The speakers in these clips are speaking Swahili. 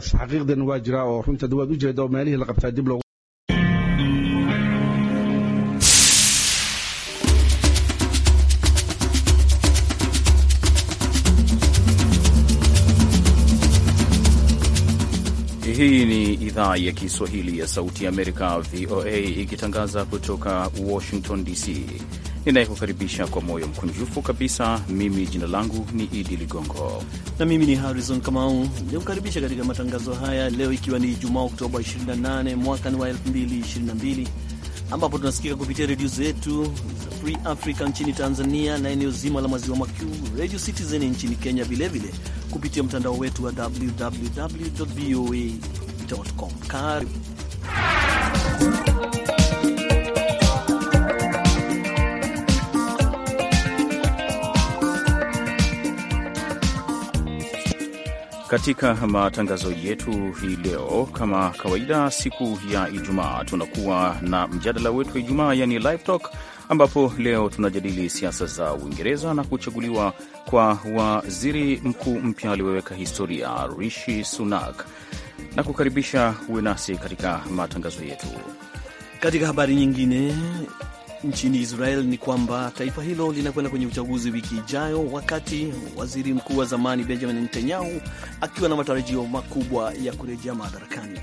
xaqiiqdan waa jiraa oo runta waad u jeedo maalihii la qabtaa dib loogu Hii ni idhaa ya Kiswahili ya Sauti ya Amerika, VOA, ikitangaza kutoka Washington DC ninayekukaribisha kwa moyo mkunjufu kabisa. Mimi jina langu ni Idi Ligongo na mimi ni Harrison Kamau, nikukaribisha katika matangazo haya leo, ikiwa ni jumaa Oktoba 28 mwaka ni wa 2022 ambapo tunasikika kupitia redio zetu za Free Africa nchini Tanzania na eneo zima la maziwa makuu, Radio Citizen nchini Kenya, vilevile kupitia mtandao wetu wa www voa com. Karibu katika matangazo yetu hii leo. Kama kawaida, siku ya Ijumaa tunakuwa na mjadala wetu wa Ijumaa, yani live talk, ambapo leo tunajadili siasa za Uingereza na kuchaguliwa kwa waziri mkuu mpya aliyoweka historia Rishi Sunak, na kukaribisha uwe nasi katika matangazo yetu. Katika habari nyingine, nchini Israel ni kwamba taifa hilo linakwenda kwenye uchaguzi wiki ijayo, wakati waziri mkuu wa zamani Benjamin Netanyahu akiwa na matarajio makubwa ya kurejea madarakani.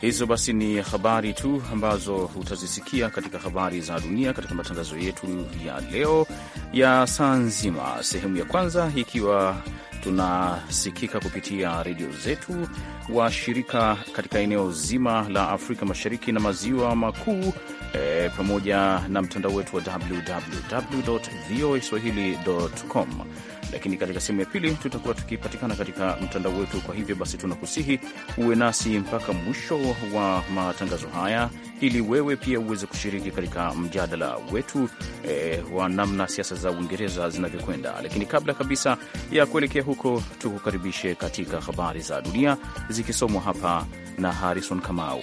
Hizo basi ni habari tu ambazo utazisikia katika habari za dunia katika matangazo yetu ya leo ya saa nzima, sehemu ya kwanza ikiwa tunasikika kupitia redio zetu washirika katika eneo zima la Afrika Mashariki na Maziwa Makuu e, pamoja na mtandao wetu wa www voa swahili.com. Lakini katika sehemu ya pili tutakuwa tukipatikana katika mtandao wetu. Kwa hivyo basi, tunakusihi uwe nasi mpaka mwisho wa matangazo haya, ili wewe pia uweze kushiriki katika mjadala wetu e, wa namna siasa za Uingereza zinavyokwenda. Lakini kabla kabisa ya kuelekea huko, tukukaribishe katika habari za dunia zikisomwa hapa na Harrison Kamau.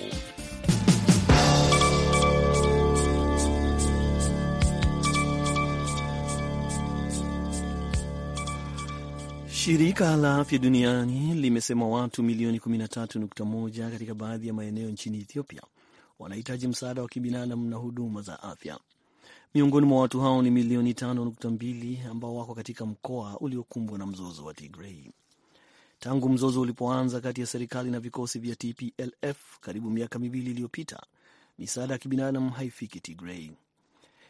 Shirika la afya duniani limesema watu milioni 13.1 katika baadhi ya maeneo nchini Ethiopia wanahitaji msaada wa kibinadamu na huduma za afya. Miongoni mwa watu hao ni milioni 5.2 ambao wako katika mkoa uliokumbwa na mzozo wa Tigrei tangu mzozo ulipoanza kati ya serikali na vikosi vya TPLF karibu miaka miwili iliyopita. Misaada ya kibinadamu haifiki Tigrei.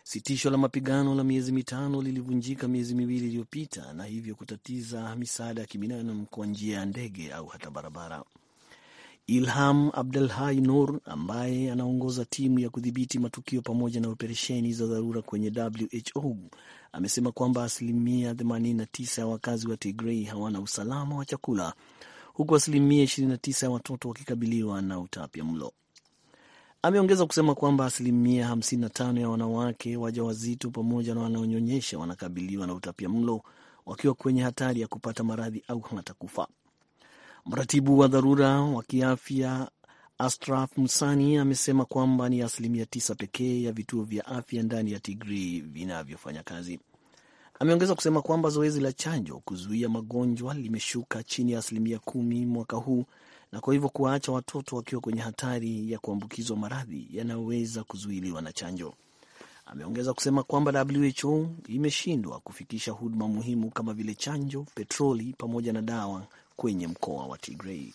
Sitisho la mapigano la miezi mitano lilivunjika miezi miwili iliyopita na hivyo kutatiza misaada ya kibinadamu kwa njia ya ndege au hata barabara. Ilham Abdelhai Nur ambaye anaongoza timu ya kudhibiti matukio pamoja na operesheni za dharura kwenye WHO amesema kwamba asilimia 89 ya wakazi wa Tigrei hawana usalama wa chakula huku asilimia 29 ya watoto wakikabiliwa na utapia mlo. Ameongeza kusema kwamba asilimia 55 ya wanawake wajawazito pamoja na wanaonyonyesha wanakabiliwa na utapia mlo wakiwa kwenye hatari ya kupata maradhi au hata kufa. Mratibu wa dharura wa kiafya Astraf Musani amesema kwamba ni asilimia tisa pekee ya vituo vya afya ndani ya Tigray vinavyofanya kazi. Ameongeza kusema kwamba zoezi la chanjo kuzuia magonjwa limeshuka chini ya asilimia kumi mwaka huu na kwa hivyo kuwaacha watoto wakiwa kwenye hatari ya kuambukizwa maradhi yanayoweza kuzuiliwa na chanjo. Ameongeza kusema kwamba WHO imeshindwa kufikisha huduma muhimu kama vile chanjo, petroli pamoja na dawa kwenye mkoa wa tigrei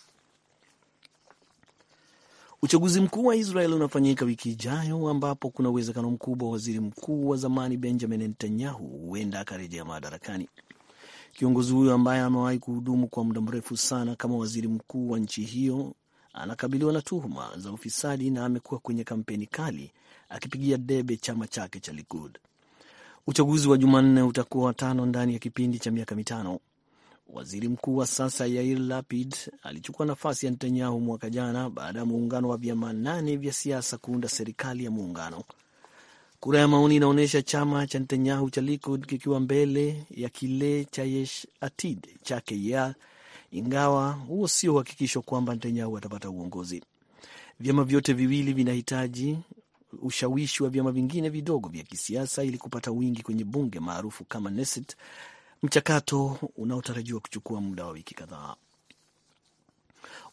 Uchaguzi mkuu wa Israel unafanyika wiki ijayo, ambapo kuna uwezekano mkubwa wa waziri mkuu wa zamani Benjamin Netanyahu huenda akarejea madarakani. Kiongozi huyo ambaye amewahi kuhudumu kwa muda mrefu sana kama waziri mkuu wa nchi hiyo anakabiliwa na tuhuma za ufisadi na amekuwa kwenye kampeni kali akipigia debe chama chake cha Likud. Uchaguzi wa Jumanne utakuwa watano ndani ya kipindi cha miaka mitano. Waziri mkuu wa sasa Yair Lapid alichukua nafasi ya Netanyahu mwaka jana baada ya muungano wa vyama nane vya siasa kuunda serikali ya muungano. Kura ya maoni inaonyesha chama cha Netanyahu cha Likud kikiwa mbele ya kile cha Yesh Atid chake ya ingawa huo sio uhakikisho kwamba Netanyahu atapata uongozi. Vyama vyote viwili vinahitaji ushawishi wa vyama vingine vidogo vya kisiasa ili kupata wingi kwenye bunge maarufu kama Knesset, mchakato unaotarajiwa kuchukua muda wa wiki kadhaa.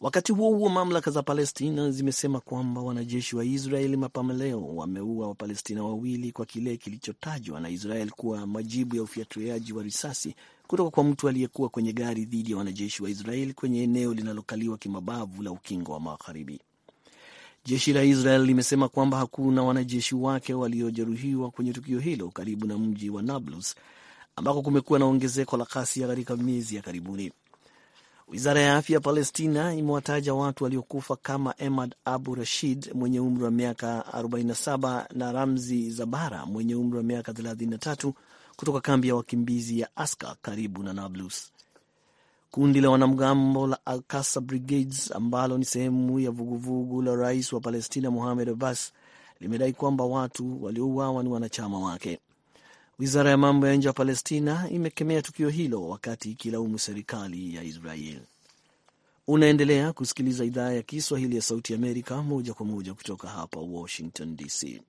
Wakati huo huo, mamlaka za Palestina zimesema kwamba wanajeshi wa Israeli mapema leo wameua Wapalestina wawili kwa kile kilichotajwa na Israel kuwa majibu ya ufiatuliaji wa risasi kutoka kwa mtu aliyekuwa kwenye gari dhidi ya wanajeshi wa israel kwenye eneo linalokaliwa kimabavu la Ukingo wa Magharibi. Jeshi la Israel limesema kwamba hakuna wanajeshi wake waliojeruhiwa kwenye tukio hilo karibu na mji wa Nablus ambako kumekuwa na ongezeko la kasi katika miezi ya karibuni. Wizara ya afya ya Palestina imewataja watu waliokufa kama Emad Abu Rashid mwenye umri wa miaka 47 na Ramzi Zabara mwenye umri wa miaka 33 kutoka kambi ya wakimbizi ya Aska karibu na Nablus. Kundi la wanamgambo la Alkasa Brigades ambalo ni sehemu ya vuguvugu la rais wa Palestina Muhamed Abbas limedai kwamba watu waliouawa ni wanachama wake. Wizara ya mambo ya nje ya Palestina imekemea tukio hilo wakati ikilaumu serikali ya Israel. Unaendelea kusikiliza idhaa ya Kiswahili ya Sauti Amerika moja kwa moja kutoka hapa Washington DC.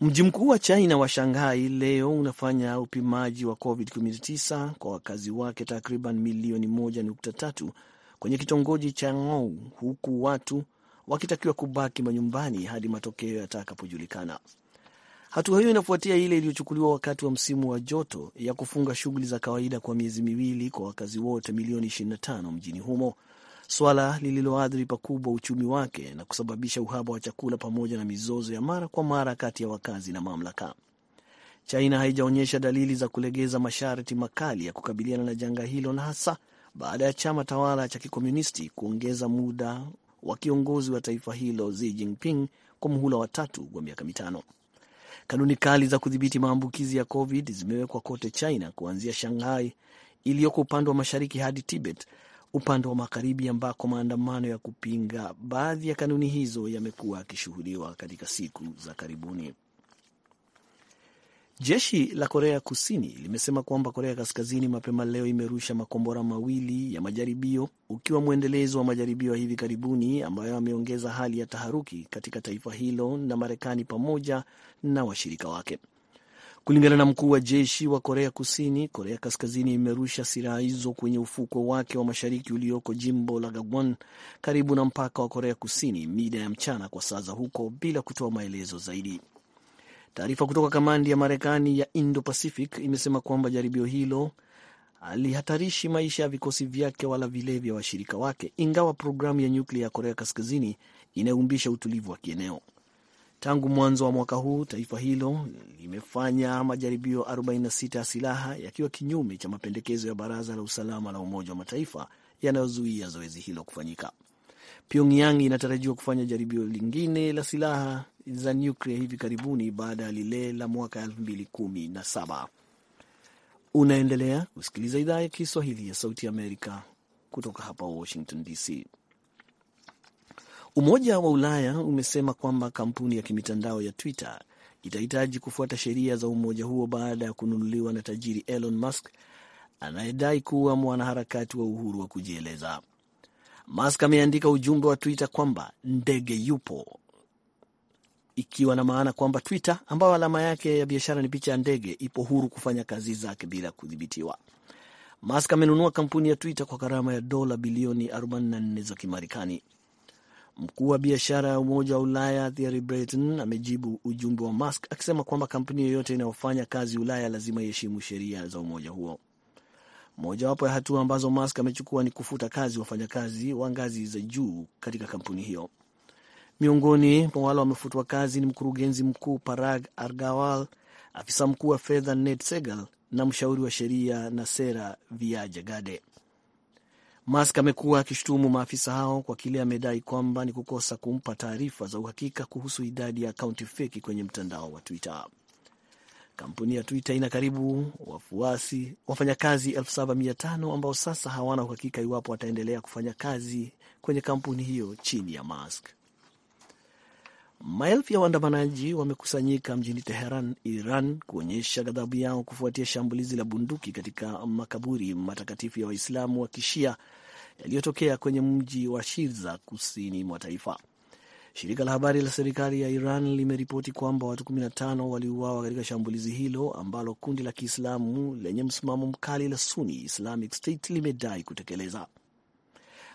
Mji mkuu wa China wa Shanghai leo unafanya upimaji wa COVID-19 kwa wakazi wake takriban milioni 1.3 kwenye kitongoji cha Ngou, huku watu wakitakiwa kubaki manyumbani hadi matokeo yatakapojulikana. Hatua hiyo inafuatia ile iliyochukuliwa wakati wa msimu wa joto ya kufunga shughuli za kawaida kwa miezi miwili kwa wakazi wote milioni 25 mjini humo, swala lililoathiri pakubwa uchumi wake na kusababisha uhaba wa chakula pamoja na mizozo ya mara kwa mara kati ya wakazi na mamlaka. China haijaonyesha dalili za kulegeza masharti makali ya kukabiliana na janga hilo, na hasa baada ya chama tawala cha kikomunisti kuongeza muda wa kiongozi wa taifa hilo Xi Jinping kwa muhula wa tatu wa miaka mitano. Kanuni kali za kudhibiti maambukizi ya COVID zimewekwa kote China, kuanzia Shanghai iliyoko upande wa mashariki hadi Tibet upande wa magharibi, ambako maandamano ya kupinga baadhi ya kanuni hizo yamekuwa yakishuhudiwa katika siku za karibuni. Jeshi la Korea Kusini limesema kwamba Korea Kaskazini mapema leo imerusha makombora mawili ya majaribio, ukiwa mwendelezo wa majaribio ya hivi karibuni ambayo ameongeza hali ya taharuki katika taifa hilo na Marekani pamoja na washirika wake. Kulingana na mkuu wa jeshi wa Korea Kusini, Korea Kaskazini imerusha silaha hizo kwenye ufukwe wake wa mashariki ulioko jimbo la Gangwon karibu na mpaka wa Korea Kusini mida ya mchana kwa saa za huko, bila kutoa maelezo zaidi. Taarifa kutoka kamandi ya Marekani ya Indo Pacific imesema kwamba jaribio hilo alihatarishi maisha ya vikosi vyake wala vile vya washirika wake, ingawa programu ya nyuklia ya Korea Kaskazini inayoumbisha utulivu wa kieneo. Tangu mwanzo wa mwaka huu taifa hilo limefanya majaribio 46 ya silaha yakiwa kinyume cha mapendekezo ya Baraza la Usalama la Umoja wa Mataifa yanayozuia zoezi hilo kufanyika. Pyongyang inatarajiwa kufanya jaribio lingine la silaha za nyuklia hivi karibuni baada ya lile la mwaka 2017. Unaendelea kusikiliza idhaa ya Kiswahili ya Sauti ya Amerika kutoka hapa Washington DC. Umoja wa Ulaya umesema kwamba kampuni ya kimitandao ya Twitter itahitaji kufuata sheria za umoja huo baada ya kununuliwa na tajiri Elon Musk anayedai kuwa mwanaharakati wa uhuru wa kujieleza. Musk ameandika ujumbe wa Twitter kwamba ndege yupo ikiwa na maana kwamba Twitter ambayo alama yake ya biashara ni picha ya ndege ipo huru kufanya kazi zake bila kudhibitiwa. Musk amenunua kampuni ya Twitter kwa gharama ya dola bilioni 44 za Kimarekani. Mkuu wa biashara ya Umoja wa Ulaya Thierry Breton amejibu ujumbe wa Musk akisema kwamba kampuni yoyote inayofanya kazi Ulaya lazima iheshimu sheria za umoja huo. Mojawapo ya hatua ambazo Musk amechukua ni kufuta kazi wafanyakazi wa ngazi za juu katika kampuni hiyo. Miongoni mwa wale wamefutwa kazi ni mkurugenzi mkuu Parag argawal afisa mkuu wa fedha Ned Segal na mshauri wa sheria na sera Via Jagade. Musk amekuwa akishutumu maafisa hao kwa kile amedai kwamba ni kukosa kumpa taarifa za uhakika kuhusu idadi ya akaunti feki kwenye mtandao wa Twitter. Kampuni ya Twitter ina karibu wafuasi wafanyakazi 7500 ambao sasa hawana uhakika iwapo wataendelea kufanya kazi kwenye kampuni hiyo chini ya Musk. Maelfu ya waandamanaji wamekusanyika mjini Teheran, Iran, kuonyesha ghadhabu yao kufuatia shambulizi la bunduki katika makaburi matakatifu ya Waislamu wa Kishia yaliyotokea kwenye mji wa Shirza, kusini mwa taifa. Shirika la habari la serikali ya Iran limeripoti kwamba watu 15 waliuawa katika shambulizi hilo ambalo kundi la Kiislamu lenye msimamo mkali la Sunni Islamic State limedai kutekeleza.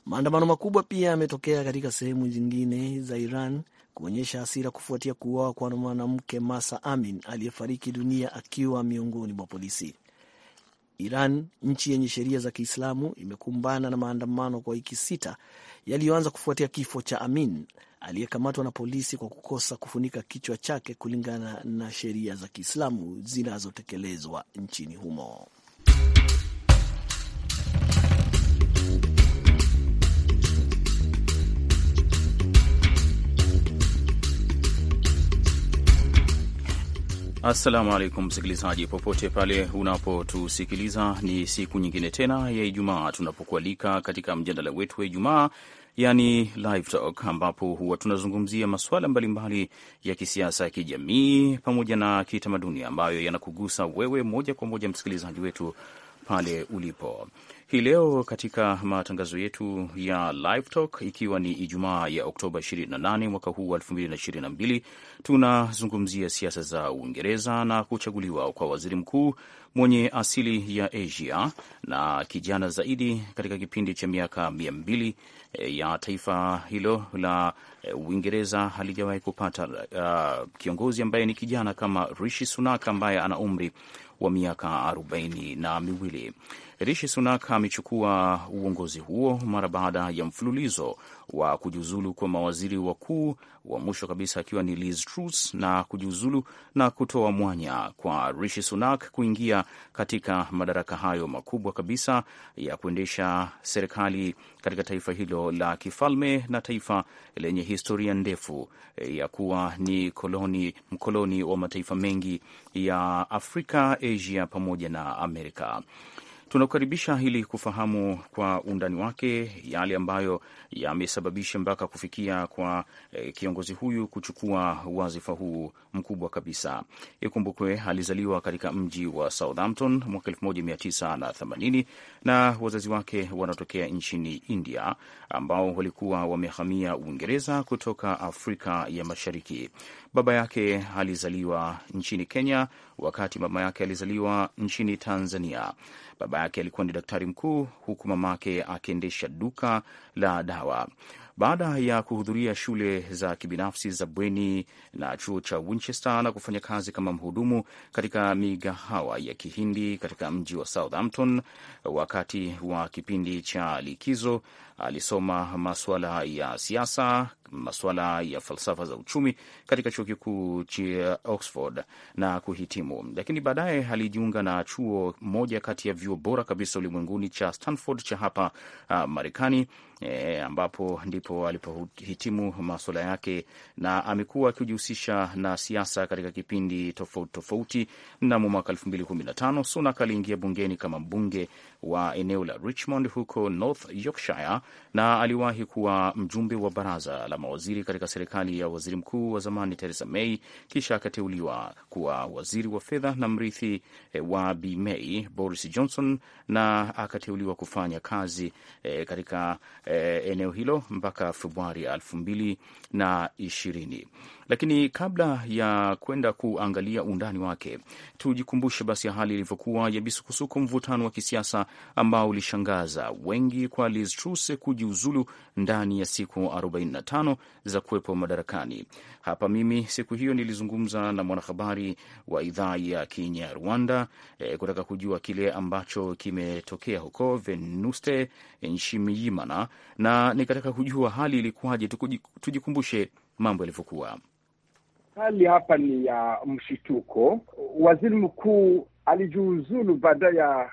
Maandamano makubwa pia yametokea katika sehemu zingine za Iran kuonyesha hasira kufuatia kuuawa kwa mwanamke Masa Amin aliyefariki dunia akiwa miongoni mwa polisi. Iran, nchi yenye sheria za Kiislamu, imekumbana na maandamano kwa wiki sita yaliyoanza kufuatia kifo cha Amin aliyekamatwa na polisi kwa kukosa kufunika kichwa chake kulingana na sheria za Kiislamu zinazotekelezwa nchini humo. Assalamu alaikum msikilizaji, popote pale unapotusikiliza, ni siku nyingine tena ya Ijumaa tunapokualika katika mjadala wetu wa Ijumaa yani live talk, ambapo huwa tunazungumzia masuala mbalimbali ya kisiasa, ya kijamii pamoja na kitamaduni ambayo yanakugusa wewe moja kwa moja, msikilizaji wetu pale ulipo. Hii leo katika matangazo yetu ya Live Talk, ikiwa ni Ijumaa ya Oktoba 28 mwaka huu wa 2022, tunazungumzia siasa za Uingereza na kuchaguliwa kwa waziri mkuu mwenye asili ya Asia na kijana zaidi katika kipindi cha miaka mia mbili eh, ya taifa hilo la eh, Uingereza halijawahi kupata uh, kiongozi ambaye ni kijana kama Rishi Sunak ambaye ana umri wa miaka arobaini na miwili. Rishi Sunak amechukua uongozi huo mara baada ya mfululizo wa kujiuzulu kwa mawaziri wakuu wa mwisho kabisa akiwa ni Liz Truss na kujiuzulu na kutoa mwanya kwa Rishi Sunak kuingia katika madaraka hayo makubwa kabisa ya kuendesha serikali katika taifa hilo la kifalme na taifa lenye historia ndefu eh, ya kuwa ni koloni, mkoloni wa mataifa mengi ya Afrika, Asia pamoja na Amerika tunakukaribisha ili kufahamu kwa undani wake yale ambayo yamesababisha mpaka kufikia kwa e, kiongozi huyu kuchukua wadhifa huu mkubwa kabisa. Ikumbukwe alizaliwa katika mji wa Southampton mwaka 1980 na wazazi wake wanatokea nchini India ambao walikuwa wamehamia Uingereza kutoka Afrika ya Mashariki. Baba yake alizaliwa nchini Kenya wakati mama yake alizaliwa nchini Tanzania. Baba yake alikuwa ni daktari mkuu, huku mamake akiendesha duka la dawa. Baada ya kuhudhuria shule za kibinafsi za bweni na chuo cha Winchester na kufanya kazi kama mhudumu katika migahawa ya Kihindi katika mji wa Southampton wakati wa kipindi cha likizo, Alisoma maswala ya siasa, maswala ya falsafa za uchumi katika chuo kikuu cha Oxford na kuhitimu, lakini baadaye alijiunga na chuo moja kati ya vyuo bora kabisa ulimwenguni cha Stanford cha hapa uh, Marekani e, ambapo ndipo alipohitimu maswala yake, na amekuwa akijihusisha na siasa katika kipindi tofauti tofauti. Mnamo mwaka tano Sunak aliingia bungeni kama mbunge wa eneo la Richmond huko North Yorkshire na aliwahi kuwa mjumbe wa baraza la mawaziri katika serikali ya waziri mkuu wa zamani Theresa May, kisha akateuliwa kuwa waziri wa fedha na mrithi e, wa B May, Boris Johnson, na akateuliwa kufanya kazi e, katika e, eneo hilo mpaka Februari elfu mbili na ishirini. Lakini kabla ya kwenda kuangalia undani wake, tujikumbushe basi hali ilivyokuwa ya bisukusuku, mvutano wa kisiasa ambao ulishangaza wengi kwa Liz Truss kujiuzulu ndani ya siku 45 za kuwepo madarakani. Hapa mimi siku hiyo nilizungumza na mwanahabari wa idhaa ya Kinyarwanda e, kutaka kujua kile ambacho kimetokea huko Venuste Nshimiyimana, na nikataka kujua hali ilikuwaje. Tujikumbushe mambo yalivyokuwa hali hapa ni ya mshituko. Waziri mkuu alijiuzulu baada ya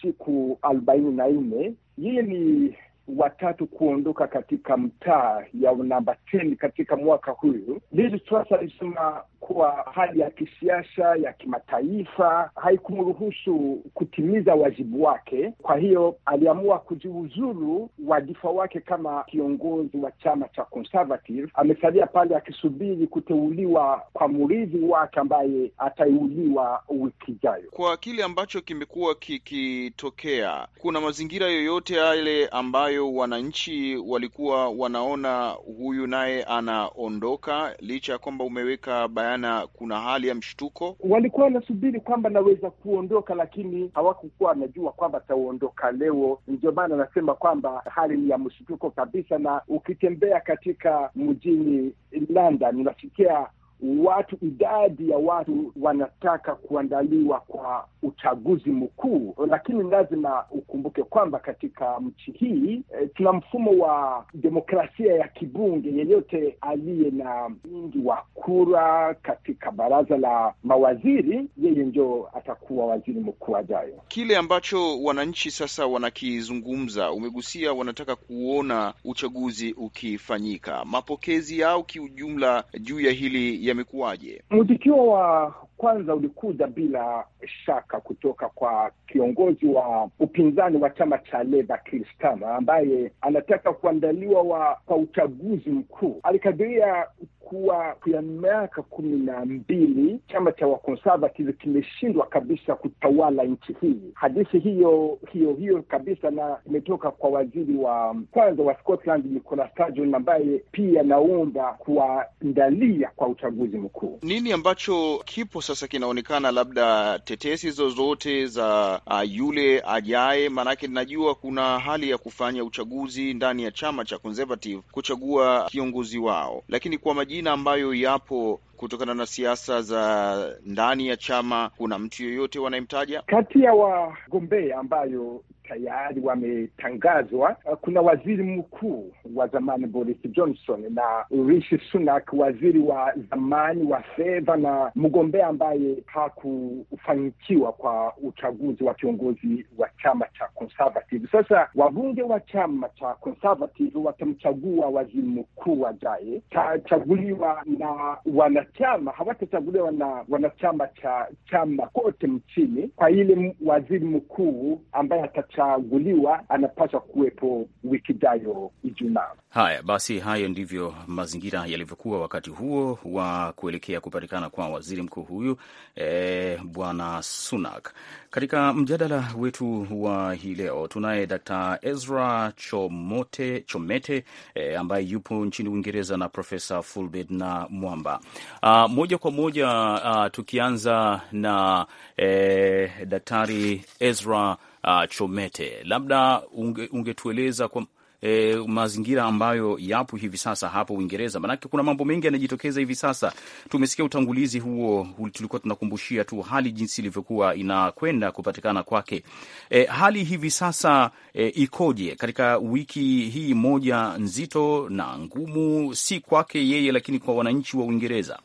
siku arobaini na nne. Yeye ni watatu kuondoka katika mtaa ya namba 10 katika mwaka huyu. Liz Truss alisema kuwa hali ya kisiasa ya kimataifa haikumruhusu kutimiza wajibu wake, kwa hiyo aliamua kujiuzuru wadhifa wake kama kiongozi wa chama cha Conservative. Amesalia pale akisubiri kuteuliwa kwa mrithi wake ambaye ataiuliwa wiki ijayo. Kwa kile ambacho kimekuwa kikitokea, kuna mazingira yoyote yale ambayo ambayo wananchi walikuwa wanaona huyu naye anaondoka, licha ya kwamba umeweka bayana kuna hali ya mshtuko? Walikuwa wanasubiri kwamba naweza kuondoka, lakini hawakukuwa wanajua kwamba ataondoka leo. Ndio maana anasema kwamba hali ni ya mshtuko kabisa, na ukitembea katika mjini London unasikia watu, idadi ya watu wanataka kuandaliwa kwa uchaguzi mkuu, lakini lazima ukumbuke kwamba katika nchi hii e, tuna mfumo wa demokrasia ya kibunge. Yeyote aliye na wingi wa kura katika baraza la mawaziri, yeye ndio atakuwa waziri mkuu ajayo. Kile ambacho wananchi sasa wanakizungumza, umegusia, wanataka kuona uchaguzi ukifanyika. Mapokezi yao kiujumla juu ya hili ya yamekuwaje? Mwitikio wa kwanza ulikuja bila shaka kutoka kwa kiongozi wa upinzani wa chama cha Leba Kristama ambaye anataka kuandaliwa kwa uchaguzi mkuu. Alikadiria kuwa kwa miaka kumi na mbili chama cha wakonservative kimeshindwa kabisa kutawala nchi hii. Hadithi hiyo hiyo hiyo kabisa na imetoka kwa waziri wa kwanza wa Scotland Nicola Sturgeon ambaye pia anaomba kuandalia kwa uchaguzi mkuu. Nini ambacho kipo sa sasa kinaonekana labda tetesi zozote za a, ah, yule ajaye? Maanake ninajua kuna hali ya kufanya uchaguzi ndani ya chama cha Conservative kuchagua kiongozi wao, lakini kwa majina ambayo yapo kutokana na siasa za ndani ya chama, kuna mtu yoyote wanayemtaja kati ya wagombea ambayo tayari wametangazwa. Kuna waziri mkuu wa zamani Boris Johnson na Rishi Sunak, waziri wa zamani wa fedha na mgombea ambaye hakufanikiwa kwa uchaguzi wa kiongozi wa chama cha Conservative. Sasa wabunge wa chama cha Conservative watamchagua waziri mkuu ajaye, tachaguliwa na wanachama, hawatachaguliwa na wanachama cha chama kote mchini, kwa ile waziri mkuu ambaye kuchaguliwa anapaswa kuwepo wiki ijayo Ijumaa. Haya basi, hayo ndivyo mazingira yalivyokuwa wakati huo wa kuelekea kupatikana kwa waziri mkuu huyu e, bwana Sunak. Katika mjadala wetu wa hii leo tunaye Dr. Ezra Chomote, Chomete e, ambaye yupo nchini Uingereza na Profesa Fulbert na Mwamba. A, ah, moja kwa moja a, ah, tukianza na e, Daktari Ezra uh, Chomete, labda unge, ungetueleza kwa E, mazingira ambayo yapo hivi sasa hapo Uingereza, maanake kuna mambo mengi yanajitokeza hivi sasa. Tumesikia utangulizi huo, tulikuwa tunakumbushia tu hali jinsi ilivyokuwa inakwenda kupatikana kwake. E, hali hivi sasa e, ikoje katika wiki hii moja nzito na ngumu, si kwake yeye, lakini kwa wananchi wa Uingereza?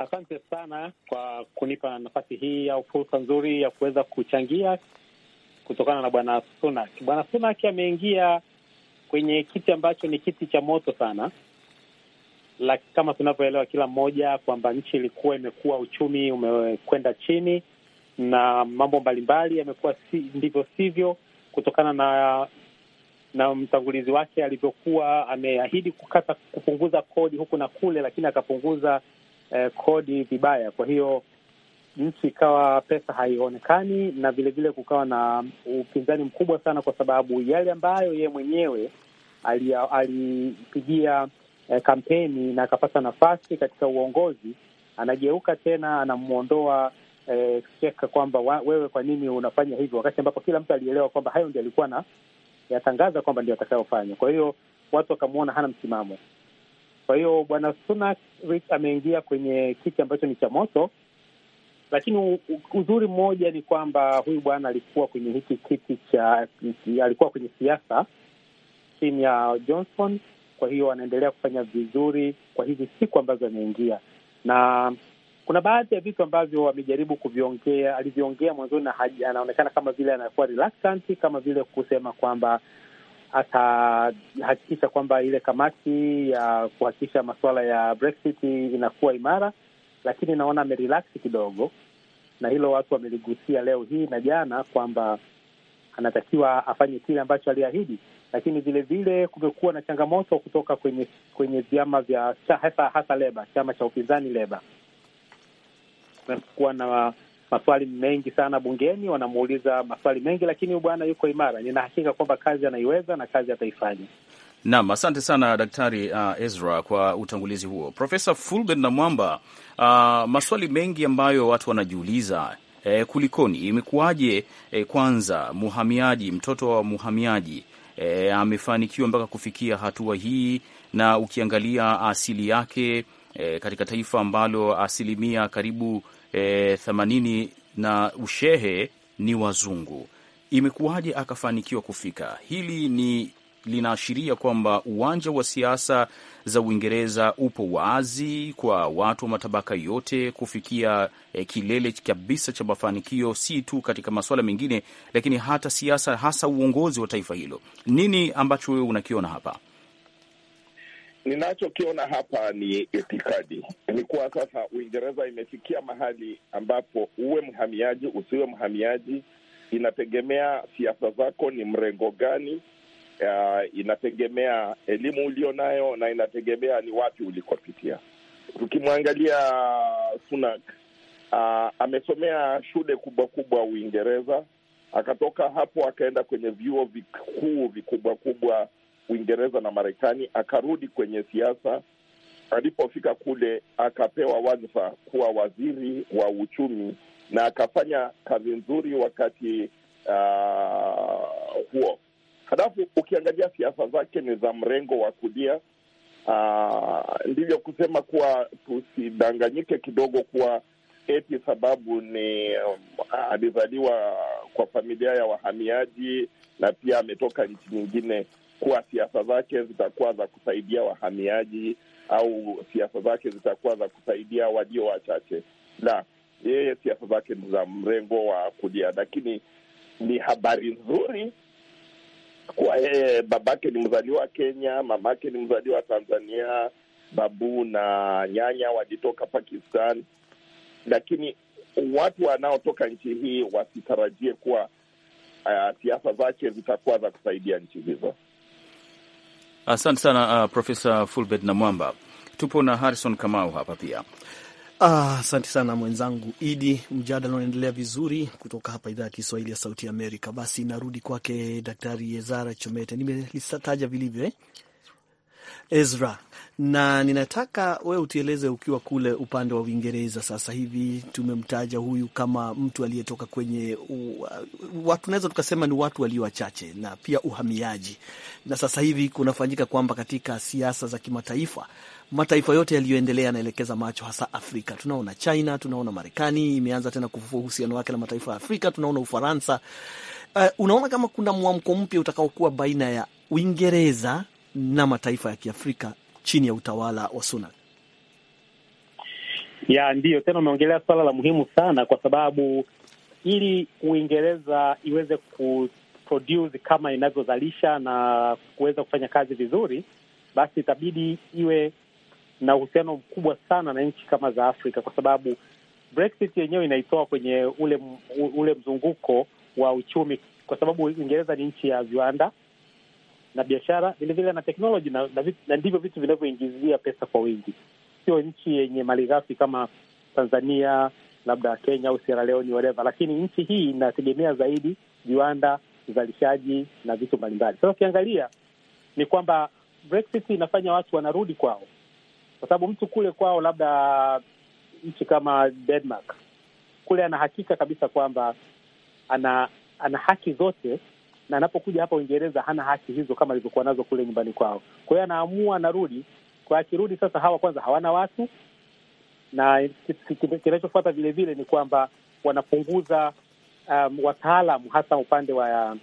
Asante sana kwa kunipa nafasi hii au fursa nzuri ya kuweza kuchangia kutokana na bwana Sunak. Bwana Sunak ameingia kwenye kiti ambacho ni kiti cha moto sana, lakini kama tunavyoelewa kila mmoja kwamba nchi ilikuwa imekuwa, uchumi umekwenda chini na mambo mbalimbali yamekuwa si, ndivyo sivyo, kutokana na na mtangulizi wake alivyokuwa ameahidi kukata kupunguza kodi huku na kule, lakini akapunguza eh, kodi vibaya. Kwa hiyo nchi ikawa pesa haionekani, na vilevile kukawa na upinzani mkubwa sana, kwa sababu yale ambayo yeye mwenyewe alipigia eh, kampeni na akapata nafasi katika uongozi, anageuka tena anamwondoa eh, cheka kwamba wewe, kwa nini unafanya hivyo, wakati ambapo kila mtu alielewa kwamba hayo ndio alikuwa na yatangaza kwamba ndio atakayofanya. Kwa hiyo watu wakamwona hana msimamo. Kwa hiyo bwana Sunak ameingia kwenye kiti ambacho ni cha moto, lakini uzuri mmoja ni kwamba huyu bwana alikuwa kwenye hiki kiti cha, alikuwa kwenye siasa chini ya Johnson. Kwa hiyo anaendelea kufanya vizuri kwa hizi siku ambazo ameingia, na kuna baadhi ya vitu ambavyo amejaribu kuviongea, alivyoongea mwanzoni, na anaonekana kama vile anakuwa reluctant, kama vile kusema kwamba atahakikisha kwamba ile kamati ya kuhakikisha masuala ya Brexit inakuwa imara, lakini naona amerelax kidogo, na hilo watu wameligusia leo hii na jana kwamba anatakiwa afanye kile ambacho aliahidi, lakini vilevile kumekuwa na changamoto kutoka kwenye kwenye vyama vya hasa hasa Leba, chama cha upinzani Leba, kumekuwa na maswali mengi sana bungeni, wanamuuliza maswali mengi, lakini huyu bwana yuko imara. Nina hakika kwamba kazi anaiweza na kazi ataifanya. Naam, asante sana Daktari uh, Ezra kwa utangulizi huo. Profesa Fulben na Mwamba, uh, maswali mengi ambayo watu wanajiuliza eh, kulikoni, imekuwaje eh, kwanza muhamiaji, mtoto wa muhamiaji eh, amefanikiwa mpaka kufikia hatua hii, na ukiangalia asili yake eh, katika taifa ambalo asilimia karibu e, themanini na ushehe ni wazungu. Imekuwaje akafanikiwa kufika? Hili ni linaashiria kwamba uwanja wa siasa za Uingereza upo wazi kwa watu wa matabaka yote kufikia eh, kilele kabisa cha mafanikio, si tu katika masuala mengine, lakini hata siasa, hasa uongozi wa taifa hilo. Nini ambacho wewe unakiona hapa? Ninachokiona hapa ni itikadi. Ni kuwa sasa Uingereza imefikia mahali ambapo uwe mhamiaji, usiwe mhamiaji, inategemea siasa zako ni mrengo gani, uh, inategemea elimu ulio nayo na inategemea ni wapi ulikopitia. Tukimwangalia Sunak uh, amesomea shule kubwa kubwa Uingereza, akatoka hapo akaenda kwenye vyuo vikuu vikubwa kubwa Uingereza na Marekani, akarudi kwenye siasa. Alipofika kule, akapewa wadhifa kuwa waziri wa uchumi na akafanya kazi nzuri wakati uh, huo. Halafu ukiangalia siasa zake ni za mrengo wa kulia. Uh, ndivyo kusema kuwa tusidanganyike kidogo kuwa eti sababu ni um, alizaliwa kwa familia ya wahamiaji na pia ametoka nchi nyingine kuwa siasa zake zitakuwa za kusaidia wahamiaji au siasa zake zitakuwa za kusaidia walio wachache. La, yeye siasa zake ni za mrengo wa kulia, lakini ni habari nzuri kuwa yeye babake ni mzaliwa wa Kenya, mamake ni mzaliwa wa Tanzania, babu na nyanya walitoka Pakistan, lakini watu wanaotoka nchi hii wasitarajie kuwa uh, siasa zake zitakuwa za kusaidia nchi hizo. Asante sana uh, Profesa Fulbert na Mwamba. Tupo na Harrison Kamau hapa pia. Ah, asante ah, sana mwenzangu Idi. Mjadala unaendelea vizuri kutoka hapa idhaa ya Kiswahili ya Sauti Amerika. Basi narudi kwake Daktari Yezara Chomete, nimelitaja vilivyo eh? Ezra, na ninataka we utieleze ukiwa kule upande wa Uingereza sasa hivi. Tumemtaja huyu kama mtu aliyetoka kwenye u, uh, watu naweza tukasema ni watu walio wachache, na pia uhamiaji, na sasa hivi kunafanyika kwamba katika siasa za kimataifa mataifa yote yaliyoendelea yanaelekeza macho hasa Afrika. Tunaona China, tunaona Marekani imeanza tena kufufua uhusiano wake na mataifa ya Afrika, tunaona Ufaransa. Uh, unaona kama kuna mwamko mpya utakaokuwa baina ya Uingereza na mataifa ya Kiafrika chini ya utawala wa Sunak. Ya ndiyo, tena umeongelea swala la muhimu sana, kwa sababu ili Uingereza iweze kuproduce kama inavyozalisha na kuweza kufanya kazi vizuri, basi itabidi iwe na uhusiano mkubwa sana na nchi kama za Afrika, kwa sababu Brexit yenyewe inaitoa kwenye ule ule mzunguko wa uchumi, kwa sababu Uingereza ni nchi ya viwanda na biashara vilevile na teknoloji na, na, na ndivyo vitu vinavyoingizia pesa kwa wingi. Sio nchi yenye mali ghafi kama Tanzania, labda Kenya au Sierra Leone whatever, lakini nchi hii inategemea zaidi viwanda, uzalishaji na vitu mbalimbali. Sasa ukiangalia ni kwamba Brexit inafanya watu wanarudi kwao, kwa sababu mtu kule kwao, labda nchi kama Denmark kule, ana hakika kabisa kwamba ana ana haki zote na anapokuja hapa Uingereza hana haki hizo kama alivyokuwa nazo kule nyumbani kwao. Kwa hiyo anaamua anarudi. Kwa akirudi sasa, hawa kwanza hawana watu, na kinachofuata vile vile ni kwamba wanapunguza um, wataalamu hasa upande wa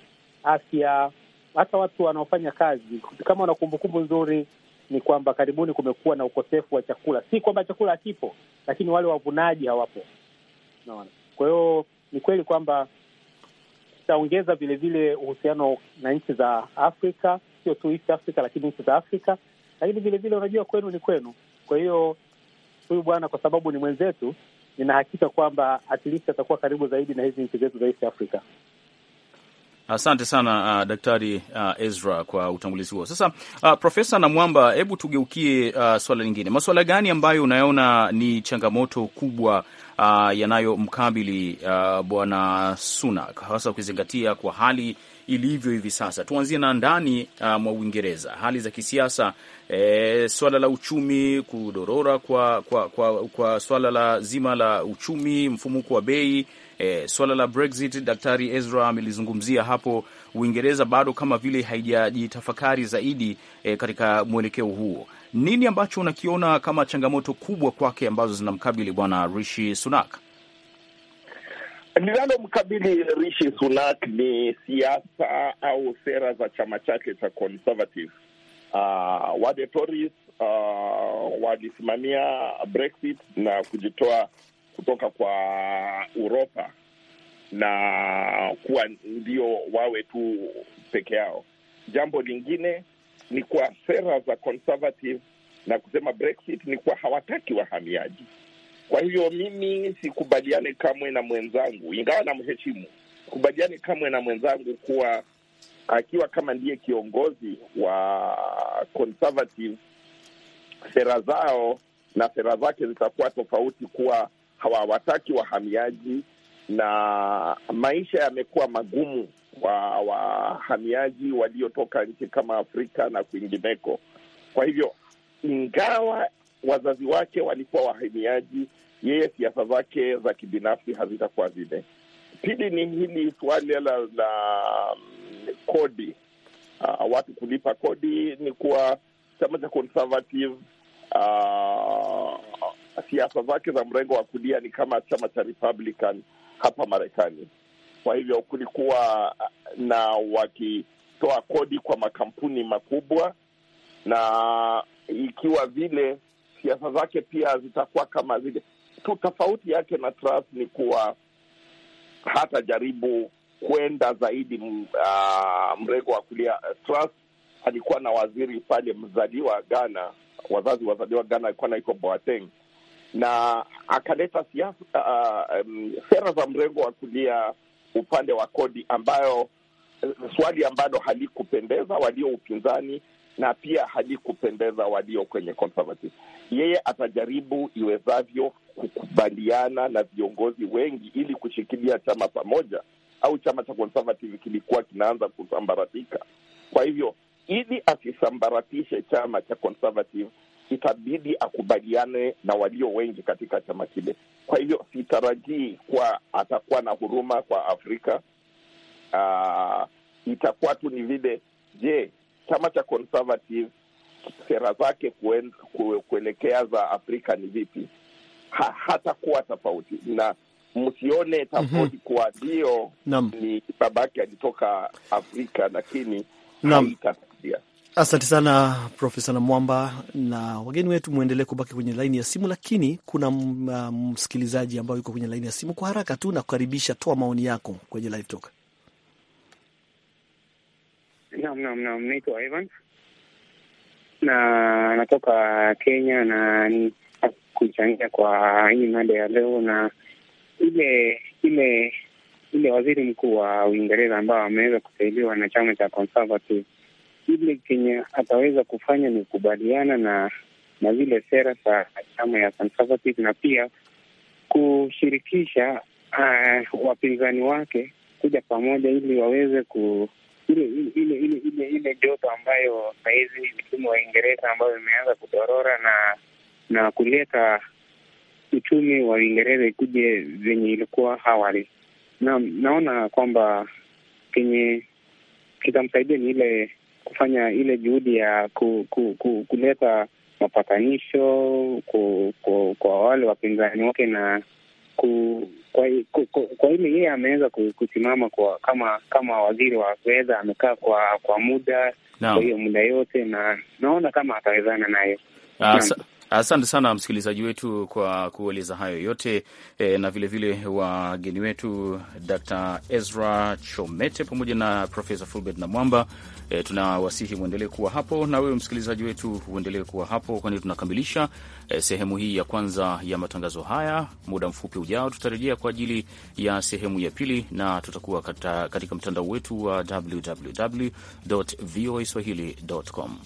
afya, hata watu wanaofanya kazi. Kama wana kumbukumbu nzuri, ni kwamba karibuni kumekuwa na ukosefu wa chakula, si kwamba chakula hakipo, lakini wale wavunaji hawapo, naona. Kwa hiyo ni kweli kwamba itaongeza vilevile uhusiano na nchi za Afrika, sio tu East Africa, lakini nchi za Afrika. Lakini vilevile, unajua kwenu ni kwenu. Kwa hiyo huyu bwana, kwa sababu ni mwenzetu, nina hakika kwamba at least atakuwa karibu zaidi na hizi nchi zetu za East Africa. Asante sana uh, Daktari uh, Ezra kwa utangulizi huo. Sasa uh, Profesa Namwamba, hebu tugeukie uh, swala lingine. Masuala gani ambayo unayona ni changamoto kubwa uh, yanayomkabili uh, bwana Sunak, hasa ukizingatia kwa hali ilivyo hivi sasa. Tuanzie na ndani uh, mwa Uingereza, hali za kisiasa e, swala la uchumi kudorora kwa, kwa, kwa, kwa swala la zima la uchumi, mfumuko wa bei e, swala la Brexit, Daktari Ezra amelizungumzia hapo. Uingereza bado kama vile haijajitafakari zaidi e, katika mwelekeo huo nini ambacho unakiona kama changamoto kubwa kwake ambazo zinamkabili bwana Rishi Sunak? Linalomkabili Rishi Sunak ni siasa au sera za chama chake cha Conservative. Uh, wale Tories uh, walisimamia Brexit na kujitoa kutoka kwa Uropa na kuwa ndio wawe tu peke yao. Jambo lingine ni kwa sera za conservative na kusema Brexit ni kuwa hawataki wahamiaji. Kwa hivyo mimi sikubaliane kamwe na mwenzangu, ingawa na mheshimu, sikubaliane kamwe na mwenzangu kuwa akiwa kama ndiye kiongozi wa conservative, sera zao na sera zake zitakuwa tofauti, kuwa hawawataki wahamiaji na maisha yamekuwa magumu wa wahamiaji waliotoka nchi kama Afrika na kwingineko. Kwa hivyo, ingawa wazazi wake walikuwa wahamiaji, yeye siasa zake za kibinafsi hazitakuwa zile. Pili ni hili suala la, la mm, kodi uh, watu kulipa kodi. Ni kuwa chama cha Conservative uh, siasa zake za mrengo wa kulia ni kama chama cha Republican hapa Marekani. Kwa hivyo kulikuwa uh, na wakitoa kodi kwa makampuni makubwa, na ikiwa vile siasa zake pia zitakuwa kama zile tu. Tofauti yake na Trump ni kuwa hatajaribu kwenda zaidi uh, mrengo wa kulia. Trump alikuwa na waziri pale mzaliwa Ghana, wazazi wazaliwa Ghana, alikuwa naitwa Boateng na akaleta siasa uh, um, sera za mrengo wa kulia upande wa kodi, ambayo eh, swali ambalo halikupendeza walio upinzani na pia halikupendeza walio kwenye conservative. Yeye atajaribu iwezavyo kukubaliana na viongozi wengi ili kushikilia chama pamoja, au chama cha conservative kilikuwa kinaanza kusambaratika. Kwa hivyo, ili asisambaratishe chama cha conservative itabidi akubaliane na walio wengi katika chama kile. Kwa hivyo sitarajii kuwa atakuwa na huruma kwa Afrika. Uh, itakuwa tu ni vile, je, chama cha Conservative sera zake kuen, kuelekea za Afrika ni vipi? Ha, hatakuwa tofauti na msione mhm. tofauti kuwa ndio ni babake alitoka Afrika lakini Asante sana Profesa Namwamba na wageni wetu, mwendelee kubaki kwenye laini ya simu, lakini kuna uh, msikilizaji ambayo yuko kwenye laini ya simu. Kwa haraka tu na kukaribisha toa maoni yako kwenye live talk. Naam, naam, naam, naitwa Ivan na natoka Kenya na ni kuichangia kwa hii mada ya leo na ile ile ile waziri mkuu wa Uingereza ambao ameweza kusaidiwa na chama cha Conservative kile kenye ataweza kufanya ni kukubaliana na na zile sera za chama ya Conservative na pia kushirikisha uh, wapinzani wake kuja pamoja ili waweze ku ile ile ile ile ile joto ambayo sahizi uchumi wa Uingereza ambayo imeanza kudorora na na kuleta uchumi wa Uingereza ikuje zenye ilikuwa awali. Na naona kwamba kenye kitamsaidia ni ile kufanya ile juhudi ya ku, ku, ku, kuleta mapatanisho ku, ku, kwa wale wapinzani wake na ku, kwa, ku, ku, kwa ile yeye ameweza kusimama kwa kama kama waziri wa fedha amekaa kwa kwa muda no. Kwa hiyo muda yote na naona kama atawezana nayo. Ah, Asante sana msikilizaji wetu kwa kueleza hayo yote e, na vilevile wageni wetu Dr. Ezra Chomete pamoja na Profesa Fulbert na Mwamba. E, tunawasihi mwendelee kuwa hapo, na wewe msikilizaji wetu uendelee kuwa hapo, kwani tunakamilisha e, sehemu hii ya kwanza ya matangazo haya. Muda mfupi ujao tutarejea kwa ajili ya sehemu ya pili, na tutakuwa kata, katika mtandao wetu wa www swahilicom